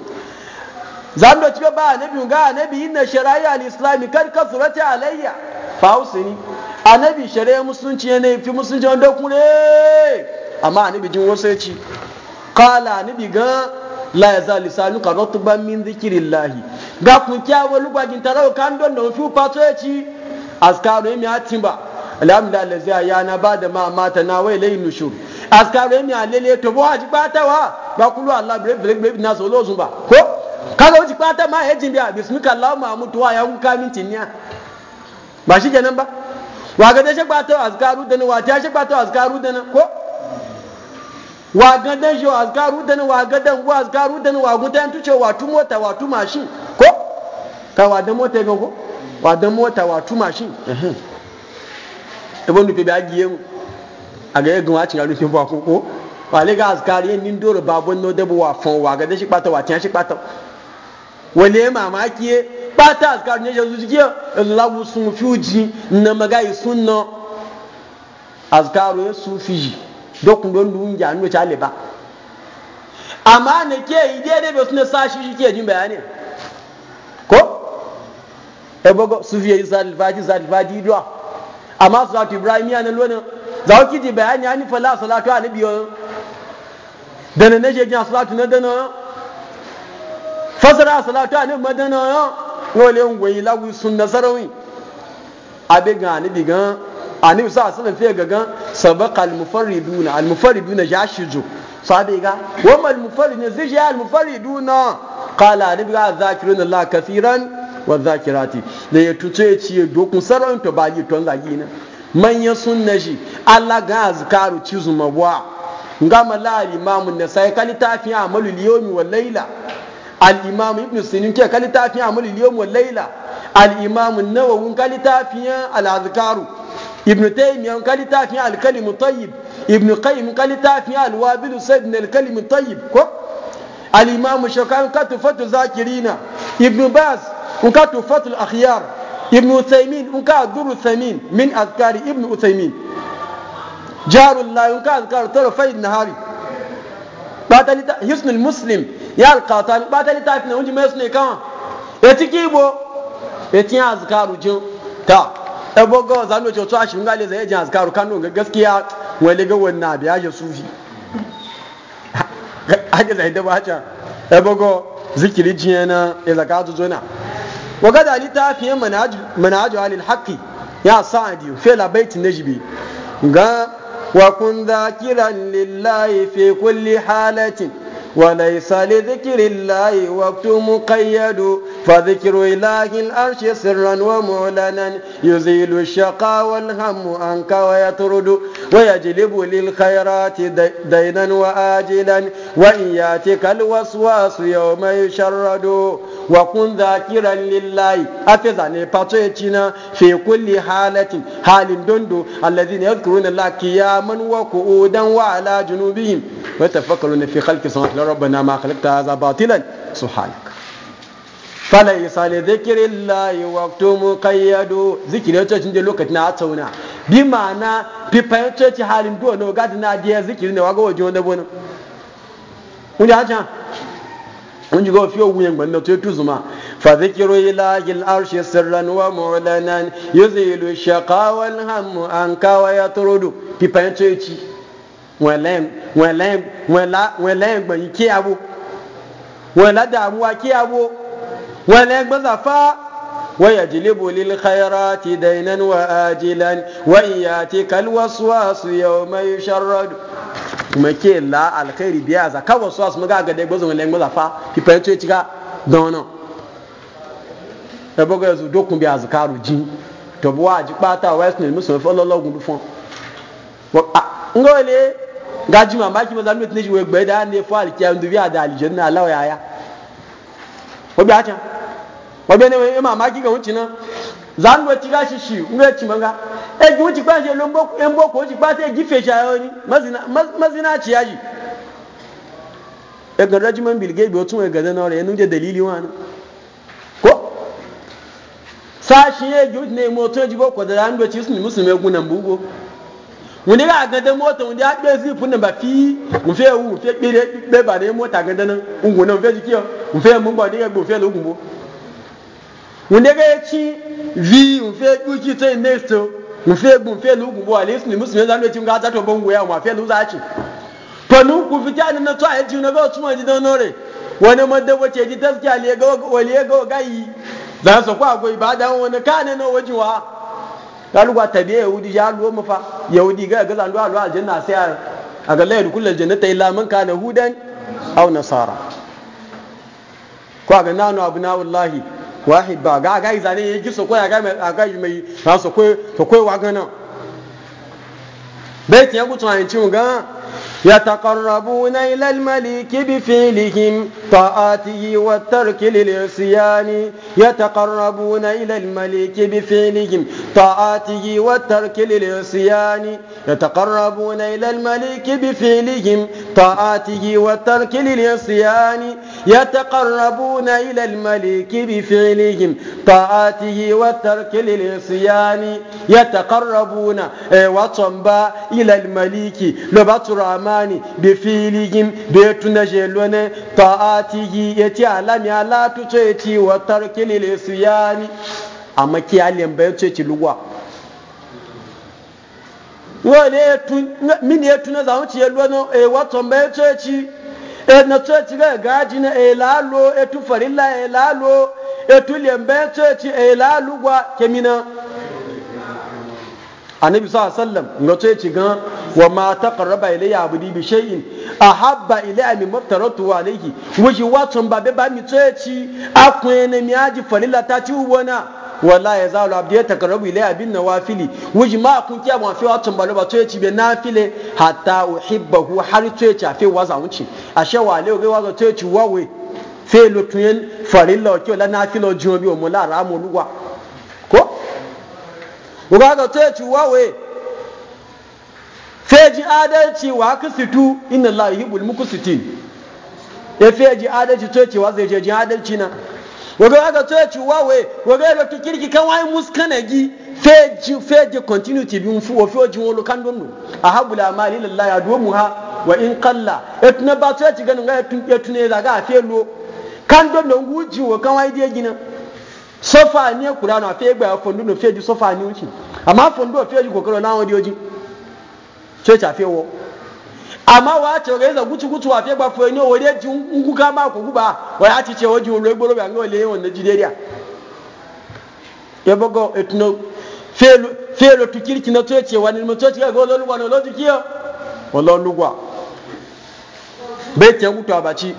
zan do ci ba annabi ga annabi inna shari'a al-islami kad kasurati alayya fa usini annabi shari'a musulunci ne fi musulunci wanda kure amma annabi jin wasu ya ci qala annabi ga la yazal lisanuka ratban min dhikrillahi ga kunkiya wani gwagin tarau kan don da wasu fato ya ci askaru a miya ba alhamdulillah laziya ya na ba da ma mata na wai lai nushur askaru ya a lele to bo haji wa ba kulu allah bre bre bre na so lozun ba ko kaga ji bata ma ya biya bismika allah ma mutu wa ya hun kamin tinniya ba shi kenan ba wa ga da shi batawa askaru da na wa ta shi batawa askaru da na ko wa gadan shi wa azkaru dan wa gadan wa azkaru dan wa gudan tuce wa tu mota wa tu mashin ko ka wa da mota ga ko wa da mota wa tu mashin eh eh ibn nufi da giye a ga yagan wa cin alu kin ba ko ko wa le ga azkari nin dole babon no da wa fon wa gadan shi pato wa tin shi pato wale mamaki pato azkari ne yanzu jiya lawu sun fuji na magai sunno azkaru ya sufiji dokun don dun ja no chale ba amma ne ke yi daidai ba suna sa shi ke jin bayani ko e bogo sufiya yi sadil fati sadil fati duwa amma su zatu ibrahimiya na lona za ku ji bayani ani fala salatu anabi yo dana ne je gina salatu na dana fasara salatu anabi madana yo wole ngwe lagu sunna sarawi abe ga anabi gan ani sa sallam fiye gan sabaqa al mufarriduna al mufarriduna ya sabe ga wa al mufarriduna zai ya al mufarriduna qala ni ga zakirun allah kaseeran wa zakirati da ya tuce ci dokun saron to ba yi ton zagi na manyan sunna shi allah ga azkaru cizu mabwa nga malali al imam sai kalita fi amalul yawmi wal layla al'imam ibn sinin ke ka littafiyan amur iliyon wa laila al'imam nawawun ka littafiyan al'azikaru ابن تيمية قال تافي الكلم الطيب ابن قيم قال تافي الوابل سيد من الكلم الطيب كو الإمام الشوكان قال تفت الذاكرين ابن باز قال تفت الأخيار ابن عثيمين قال دور الثمين من أذكار ابن عثيمين جار الله قال أذكار طرفي نهاري بعد يسن المسلم يا القاتل بعد تعرفنا نونجي ما يسني كمان اتكيبو يتيان أذكار جو تا ebogo za mu ce to a shin gale zai jin azkaru Kano ga gaskiya wani ga wannan abiya ya sufi haka zai da bacha ebogo zikiri jiya na ya ta zo wa ga da ta fi yin manhaj alil haƙi ya sa'adi fi labaiti na jibi. ga wa kun dhakiran lillahi fi kulli halatin وليس لذكر الله وقت مقيد فذكر إله الأرش سرا ومعلنا يزيل الشقى والهم عنك ويطرد ويجلب للخيرات دينا وآجلا وإن ياتك الوسواس يوم يشرد وكن ذاكرا لله أفز عن باتيتنا في كل حالة حال دندو الذين يذكرون الله قياما وقعودا وعلى جنوبهم ويتفكرون في خلق السماوات ربنا ما خلقت هذا باطلا سبحانك فليس لذكر الله وقت مقيد ذكر يتوشن دي لوكت ناتونا بمعنى بيبا يتوشي حالين دو نو قاد دي ذكر نواغو وجون دبونا ونجا عشان ونجا قو فيو وين غن نتو توزما فذكر الله الارش سرا ومعلنا يزيل الشقاء والهم عنك ويطرد بيبا يتوشي wẹ̀lẹ́ gbẹ̀yìn kí abo wẹ̀lẹ́ dààmúwa kí abo ويجلب دينا وآجلا وإن الوسواس يوم يشرد ji to buwa ji gaji mamaki maza nuna tunaji wai gbai da ya ne fa'al kiyam dubi a da alijin na lawa yaya wabi hacan wabi ne wai mamaki ga wuce nan za nuna ci gashi shi nuna ci manga e gi wuce kwa shi lombo en boko wuce kwa ta gife shi ayo ni mazina ci yaji e ga rajiman bilge bi otun e ga na ore enu je dalili wani ko sashi ye gi wuce ne moto ji boko da nuna ci musulmi gunan bugo wani ga gada mota wani ya ɗaya zifu nan ba fi wufe wu wufe kpere, ɗaya ba ne, mota gada nan ungu nan wufe jikiya wufe mun ba ɗaya wufe da ungu wani ga ya ci vi wufe ɗuki ta next wufe bu wufe da ungu a lesu ne musulmi zanu ya ci ga zato ban goya ma fe luza ci fanu ku fita ni na to a yaji na ga wasu ma ji don nore wani madda wace ji taskiya le ga wali ga gayi za su kwa goyi ba da wani kane na wajewa galuwa tabi yahudi ya luwa mafa yahudi ga ga zanduwa luwa aljanna sai a a ga layar kullal jannata illa man kana hudan aw nasara ko ga nanu na wallahi wahid ba ga ga zane ya giso ko ya ga mai ga mai ha so ko to ko wa gana bai tiyan ku tsayin cin ga yataqarrabuna ila al-malik bi fi'lihim طاعاته والترك للعصيان يتقربون إلى الملك بفعلهم طاعاته والترك للعصيان يتقربون إلى الملك بفعلهم طاعاته والترك للعصيان يتقربون إلى الملك بفعلهم طاعاته والترك للعصيان يتقربون إيه، وطنبا إلى الملك لبطر أماني بفعلهم بيتنا جلون طاعاته salatihi ya ce alam ya latu ce wa su a ce ci lugwa ya tuna zaun ci ya eh, watan ya ci e na ce ci ga gaji na eh, lalo tu farilla lalo tu ya ci lalugwa kemina annabi sallallahu alaihi wasallam ga ce ci gan wa ma taqarraba ilayya abdi bi shay'in ahabba ilayya mimma taratu alayhi wuji watun babe ba mi tsoyaci akun ne mi aji falila ta ci ubona wala ya zalu abdi ya taqarrabu ilayya bin nawafili wuji ma akun kiya ma fi watun balo ba tsoyaci be nafile hatta uhibbahu har tsoyaci afi waza wuci ashe wale oge waza tsoyaci wawe fe lotun yen falila oke ola nafile ojiyan bi omo lara amu oluwa ko Gbogbo àgbà tó ètù wáwèé feji adalci wa haka situ inna Allah ku muqsitin ya feji adalci to cewa zai je jin adalci na wago aga to cewa we wago aga to kirki kan wai muskana gi feji feji continuity bi mfu wa feji wolo kan donno ahabul amali lillahi adumuha wa in qalla etna ba to ci ganin ga etune daga felo kan donno nguji wa kan wai die gina sofa ne kurano afi gba fondu no feji sofa ne uchi amma fondu feji kokoro na wodi oji so chafe ama wa chogeza gutu gutu wa gba fo ni ore ji ngu ka ba ku guba wa ya ti che o ji olo egboro ba ngo le won Nigeria yebogo etno felo felo tukiri kina to che wa mo to che go lo lugwa no lo ti kiyo lo lugwa be te gutu abachi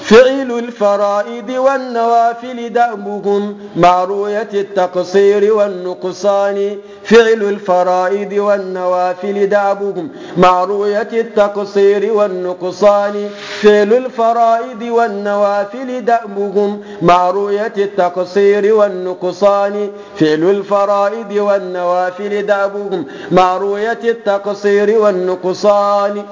فعل الفرائض والنوافل دأبهم مع رؤية التقصير والنقصان فعل الفرائض والنوافل دابهم مع رؤية التقصير والنقصان فعل الفرائض والنوافل دابهم مع رؤية التقصير والنقصان فعل الفرائض والنوافل دابهم مع رؤية التقصير والنقصان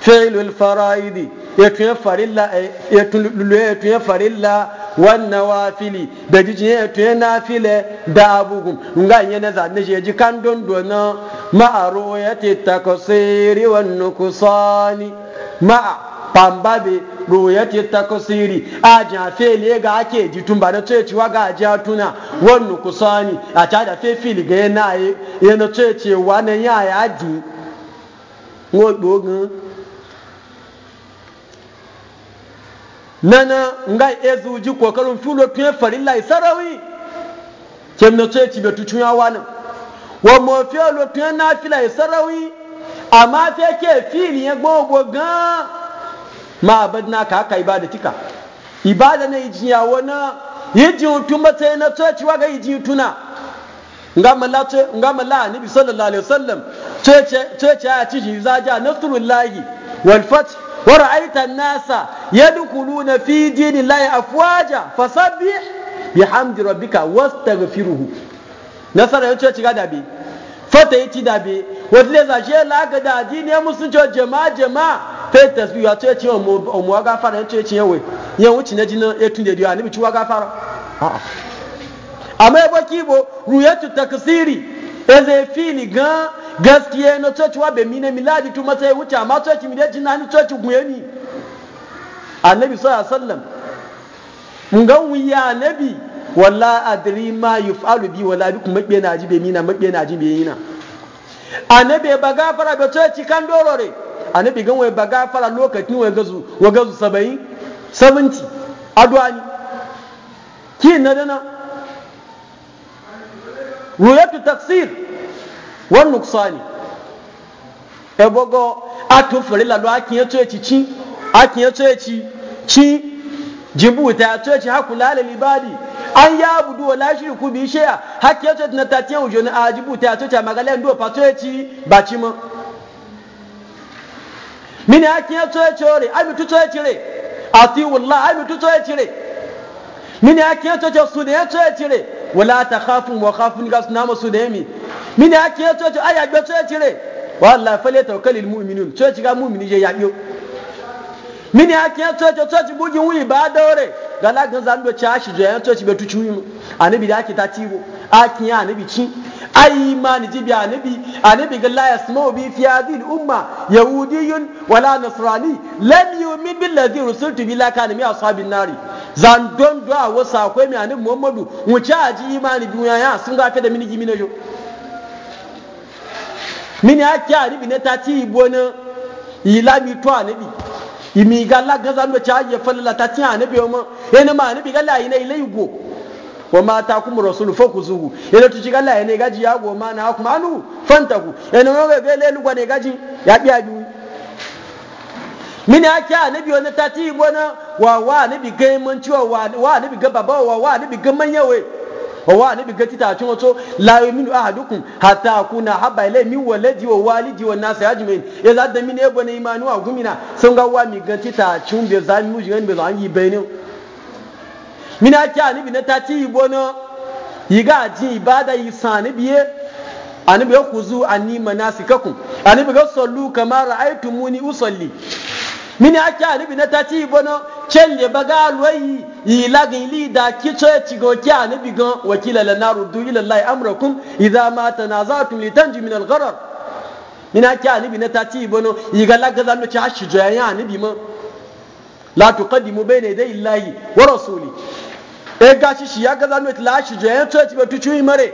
فعل الفرائض yatuyen farilla fari eh, farilla wannan fili, da jijin yatuyen nafile da abugun nga yi na zane shi ji kan dondona ma'aro ya te takasiri wannan kusani ma'a pambabe royati takosiri aja fele ga ake tun ba na ceci wa ga aja tuna wannan kusani a ta da fili ga yana yana ceci wa na yaya adu wo dogun nana nga ezu ji kokarin fulo fiye farilla sarawi kem na ce ci betu cun yawa nan wa mo fiye lo fiye na fila sarawi amma fe ke fili ya gogo gan ma badna ka ka aka ibada tika ibada na ijin yawo na tun hutun matsayi na ce ci waga ijin tuna nga mala nga mala bi sallallahu alaihi wasallam ce ce ce ya ci zaja nasrullahi wal fath Wari aita na sa ya duk na fi ɗin Ilaya Afuajaa, fasan biye. Ya hamdu robinka wasu ta gafiru. Nasarar yan ciwon da bi, fatan za ajiye laka da ajiyar, yan musu coci jama jama. Fai ta tasbiyu aciyar a cikin wani wani fara yan ci yawancin, yawancin na na yana tuniyar da yawa a nanan ciwon kan fara. A ma kibo Ruyatu Taksiri ya fi gaskiya na coci wa bai mine miladi tu matsayi wuce amma coci dai jinna ni coci guye ni annabi sallallahu alaihi wasallam ga wuya nabi wala adri ma yuf'alu bi wala bikum mabiya na ji bai mina mabiya na ji bai yina annabi ba gafara ba coci kan dorore annabi gan wai ba gafara lokacin wai gazu wa gazu 70 70 adwani kin na dana ruyatu tafsir wọn nukusani ebogo ato farila lo akin yato yaci ci akin yato yaci ci jibuta yato yaci hakula ala libadi an ya abudu wa la shiriku bi shay'a hakki yato na tatiyan ujo na ajibuta yato ta magala ndo pato yaci baci mo mini hakin yato yaci ore ai mutu to yaci re ati wallahi ai mutu to yaci re mini hakin yato yaci su da yato yaci re wala takhafun wa khafun gas na masu da yami mini ake yo coci a yagbe coci re wala fale taukali mu'minun coci ga mu'mini je yagbe mini ake yo coci coci bugin wuyi ba dore gala gan zan do cha shi je coci be tuci wuyi anabi da ake ta tibo akin ya anabi ci ai imani jibi anabi anabi ga la yasma'u bi fi hadhihi umma yahudiyun wala nasrani lam yu'min ladhi rusultu bi la kana mi ashabin nari zan don do a wasa akwai mi anabi muhammadu wuce aji imani duniya ya sun gafe da mini gimi na yo mini ake anibi na tati ibo na ilami to anibi imi ga lagaza ndo cha ye falla tati anibi omo ene ma anibi ga la ne ile igwo wa ma ta kuma rasulu fokuzuhu ene tu shiga la ene gaji ya go ma na kuma anu fantaku ene ma ga le lugwa ne gaji ya biya ju mini bi anibi ona tati ibo na wa wa bi ga mun ciwo wa wa bi ga baba wa wa ne bi ga manyawe wa ni biga tita cin wato la yuminu ahadukum hatta kuna habba ilay min waladi wa walidi wa nas ajmain ya za da min ebo ne imanu agumina, gumina sun ga wa mi ganti ta cin be za mu jigan be za yi bayin Min ki ani bi na ta ci ibo no yiga ji ibada yi sani biye ani bi kuzu anni manasikakum ani bi ga sallu kama ra'aytumuni usalli mina ki ani bi na ta ci ibo no celle baga alwayi ila ga ili da kicho ya cigo ki anabi gan wakila la naru du ila allahi amrakum idza ma tanazatum litanji min al-gharar mina ki anabi na ta ci bono iga la ga zanu ci hashi joya ya anabi ma la tuqaddimu bayna yaday illahi wa rasuli e ga shi shi ya ga zanu la shi joya to ci ba tu ci mare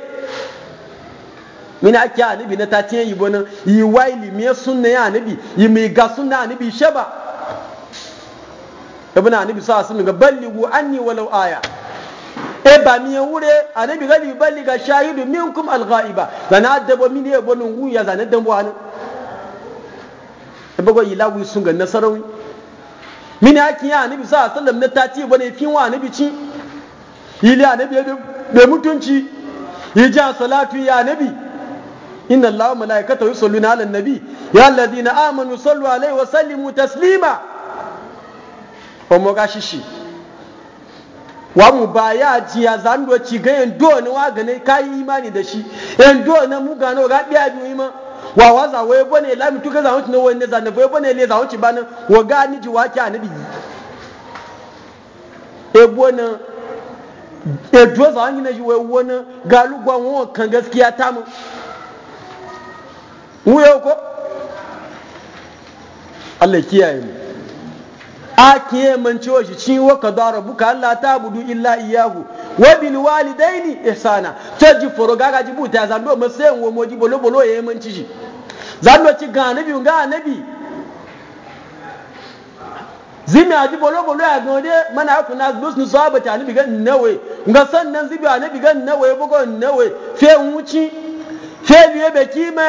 mina ki anabi na ta ci yi bono yi waili me sunna ya anabi yi mai ga sunna anabi sheba ibn anabi sa sun ga balligu anni walau aya e ba mi wure anabi gali balliga shahidu minkum alghaiba zana addabo min e bonun ya zana dambo an e bago ilawi sun ga nasarawi min akin ya anabi sa sallam na tati bane fin wa anabi ci ili anabi be mutunci yi ja salatu ya anabi inna allaha malaikatahu yusalluna ala nabi ya alladhina amanu sallu alaihi wa sallimu taslima omo ga shishi wa mu ba ya kai imani da shi ga biya biyu wa wa bone la mi tuka za wuce ne wani za ne waye bone le za wuce ga ni ji wa e bone e za wani ga won kan gaskiya ko Allah kiyaye mu ake man cewa shi cin wa ka dara buka Allah ta budu illa iyahu wa bil walidaini ihsana to ji foro gaga ji buta zan do masayin wo moji bolo bolo ya manci shi zan do ci ga nabi ga nabi zimi aji bolo bolo ya de mana ku na dos nu sahaba ta nabi ga nawe ga sannan zibi nabi ga nawe ga nawe fe wuci fe biye be ma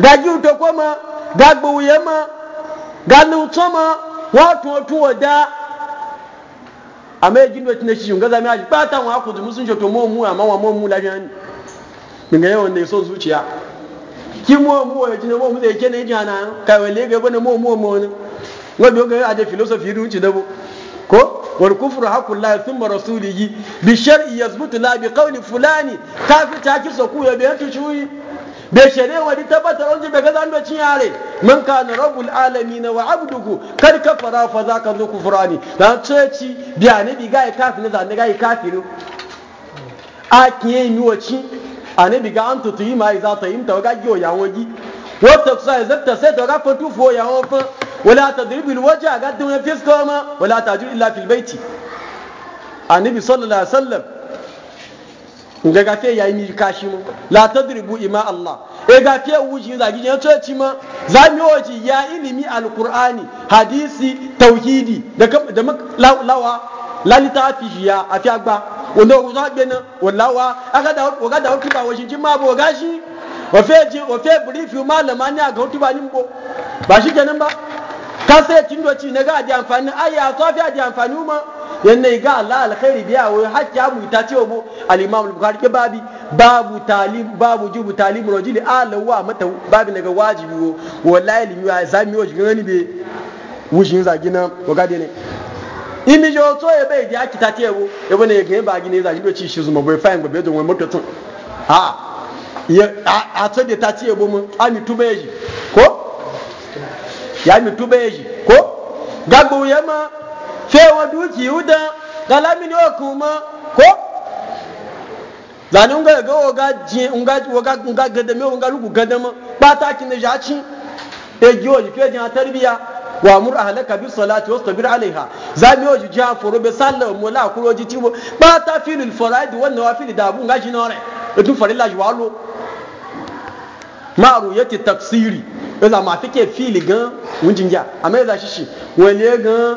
ga ji to ma ga gbuye ma ga nu to ma wato tuwa da a mai na shi shi, shunga zami a ba ta wa kudu musun shato to mu amma wa mu lafiya ne min ga yawan ne son zuciya ki mu mu ya jin mu zai kene jana kai wale ga bane mu mu mu ne ngo ga a da philosophy dun ci dabo ko wal kufru haqqul la thumma rasulihi bi shar'i yazbutu la bi qawli fulani kafi ta ki so ku ya bi hatu shuyi be shari'a wani tabbatar onji be gaza da cin yare man kana rabbul alamin wa abduhu kad kafara fa ka zu kufrani dan ceci biya ne bi gai kafiri da ne gai kafiru a kiye mi a anabi ga an tutu yi mai za ta yi ta ga giyo ya waji wata kusa ya zata sai ta ga fatu fo ya wafa wala tadribil wajha ga dun fiska ma wala tajur illa fil baiti annabi sallallahu alaihi wasallam nga gafe ya yi miri kashi mu la tadribu ima Allah e gafe wuji za gi yan coci ma za mi wuji ya ilimi alqur'ani hadisi tauhidi da da lawa la litafi ya afi agba wanda ku za gbe na wallawa aka da waga da hutuba wajin jin ma bo shi? wa fe ji wa fe brief malama ne ga hutuba nin bo ba Ba shi kenan ba ka sai tindo ci na ga di amfani ayya to fi di amfani ma yanna ga Allah alkhairi biya wai hakki abu ta ce mu al-Imam al-Bukhari ke babi babu talib babu jibu talib rajuli alawa mata babi daga wajibi wo wallahi limi wa sami wo shiga ni be wushin zagi na waga dene imi jo to e be di akita te wo e bo ne ga ba gi ne zagi do ci shi zuma boy fine gobe don wai moto tun ha ya a to de ta ce bo mu ami tubeji ko ya mi tubeji ko gagbo yema fewa duki wuda da lamini wa kuma ko zani unga ga oga ji unga oga unga gadame unga lugu gadama bata kin da jaci e giyo ji feji na tarbiya wa mur ahlaka bi salati wastabir alaiha zami oji ja foro be sallah mo la kuro ji tibo bata filul faraid wa nawafil da bu unga shi nore e tu farilla ji walo maru yake tafsiri ila ma fike fili gan unjinja amma ya shishi. shi wale gan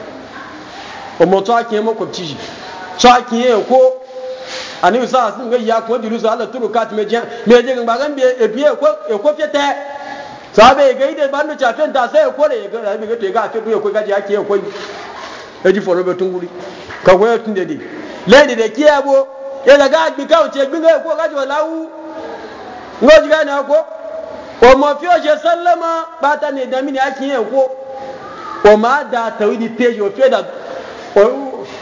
ọmọ tó akin yẹn mọ́kọ̀tì yìí tó akin yẹn kó àníbi sáà sí yìí akọ̀ dìlú sọ̀rọ̀ tó lùkà tó méjì méjì gbà kan bí èbí èkó fẹ́tẹ́ sọ́bẹ̀ ègé yìí bá nù chafẹ́ ntà sẹ́ èkó rẹ̀ ègé rẹ̀ ègé tó ègé àfẹ́ bóyá èkó èkó yìí èjì fọ̀rọ̀ èkó gàdí wà láwù ńlọ́jú ká ní akó ọmọ ní ìdámínì akin èkó ọmọ àdá àtàwídìí péjì òfin ẹ̀dá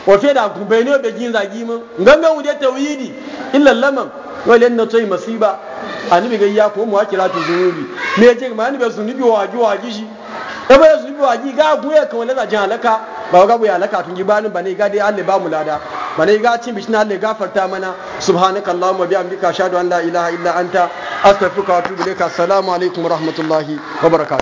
wafe da kumbe ne da gin zagi mun gangan wuje tauhidi illa lamam wale na tsayi masiba annabi ga ya ko mu akira tu zunubi me yace ma annabi zunubi wa ji wa ji shi da ba zunubi wa ji ga ku ya kawale da jin halaka ba ga bu ya halaka tun gibanin bane ga dai Allah ba mu lada bane ga cin bishin Allah gafarta mana subhanakallahumma bihamdika ashhadu an la ilaha illa anta astaghfiruka wa atubu ilaika assalamu alaikum wa rahmatullahi wa barakatuh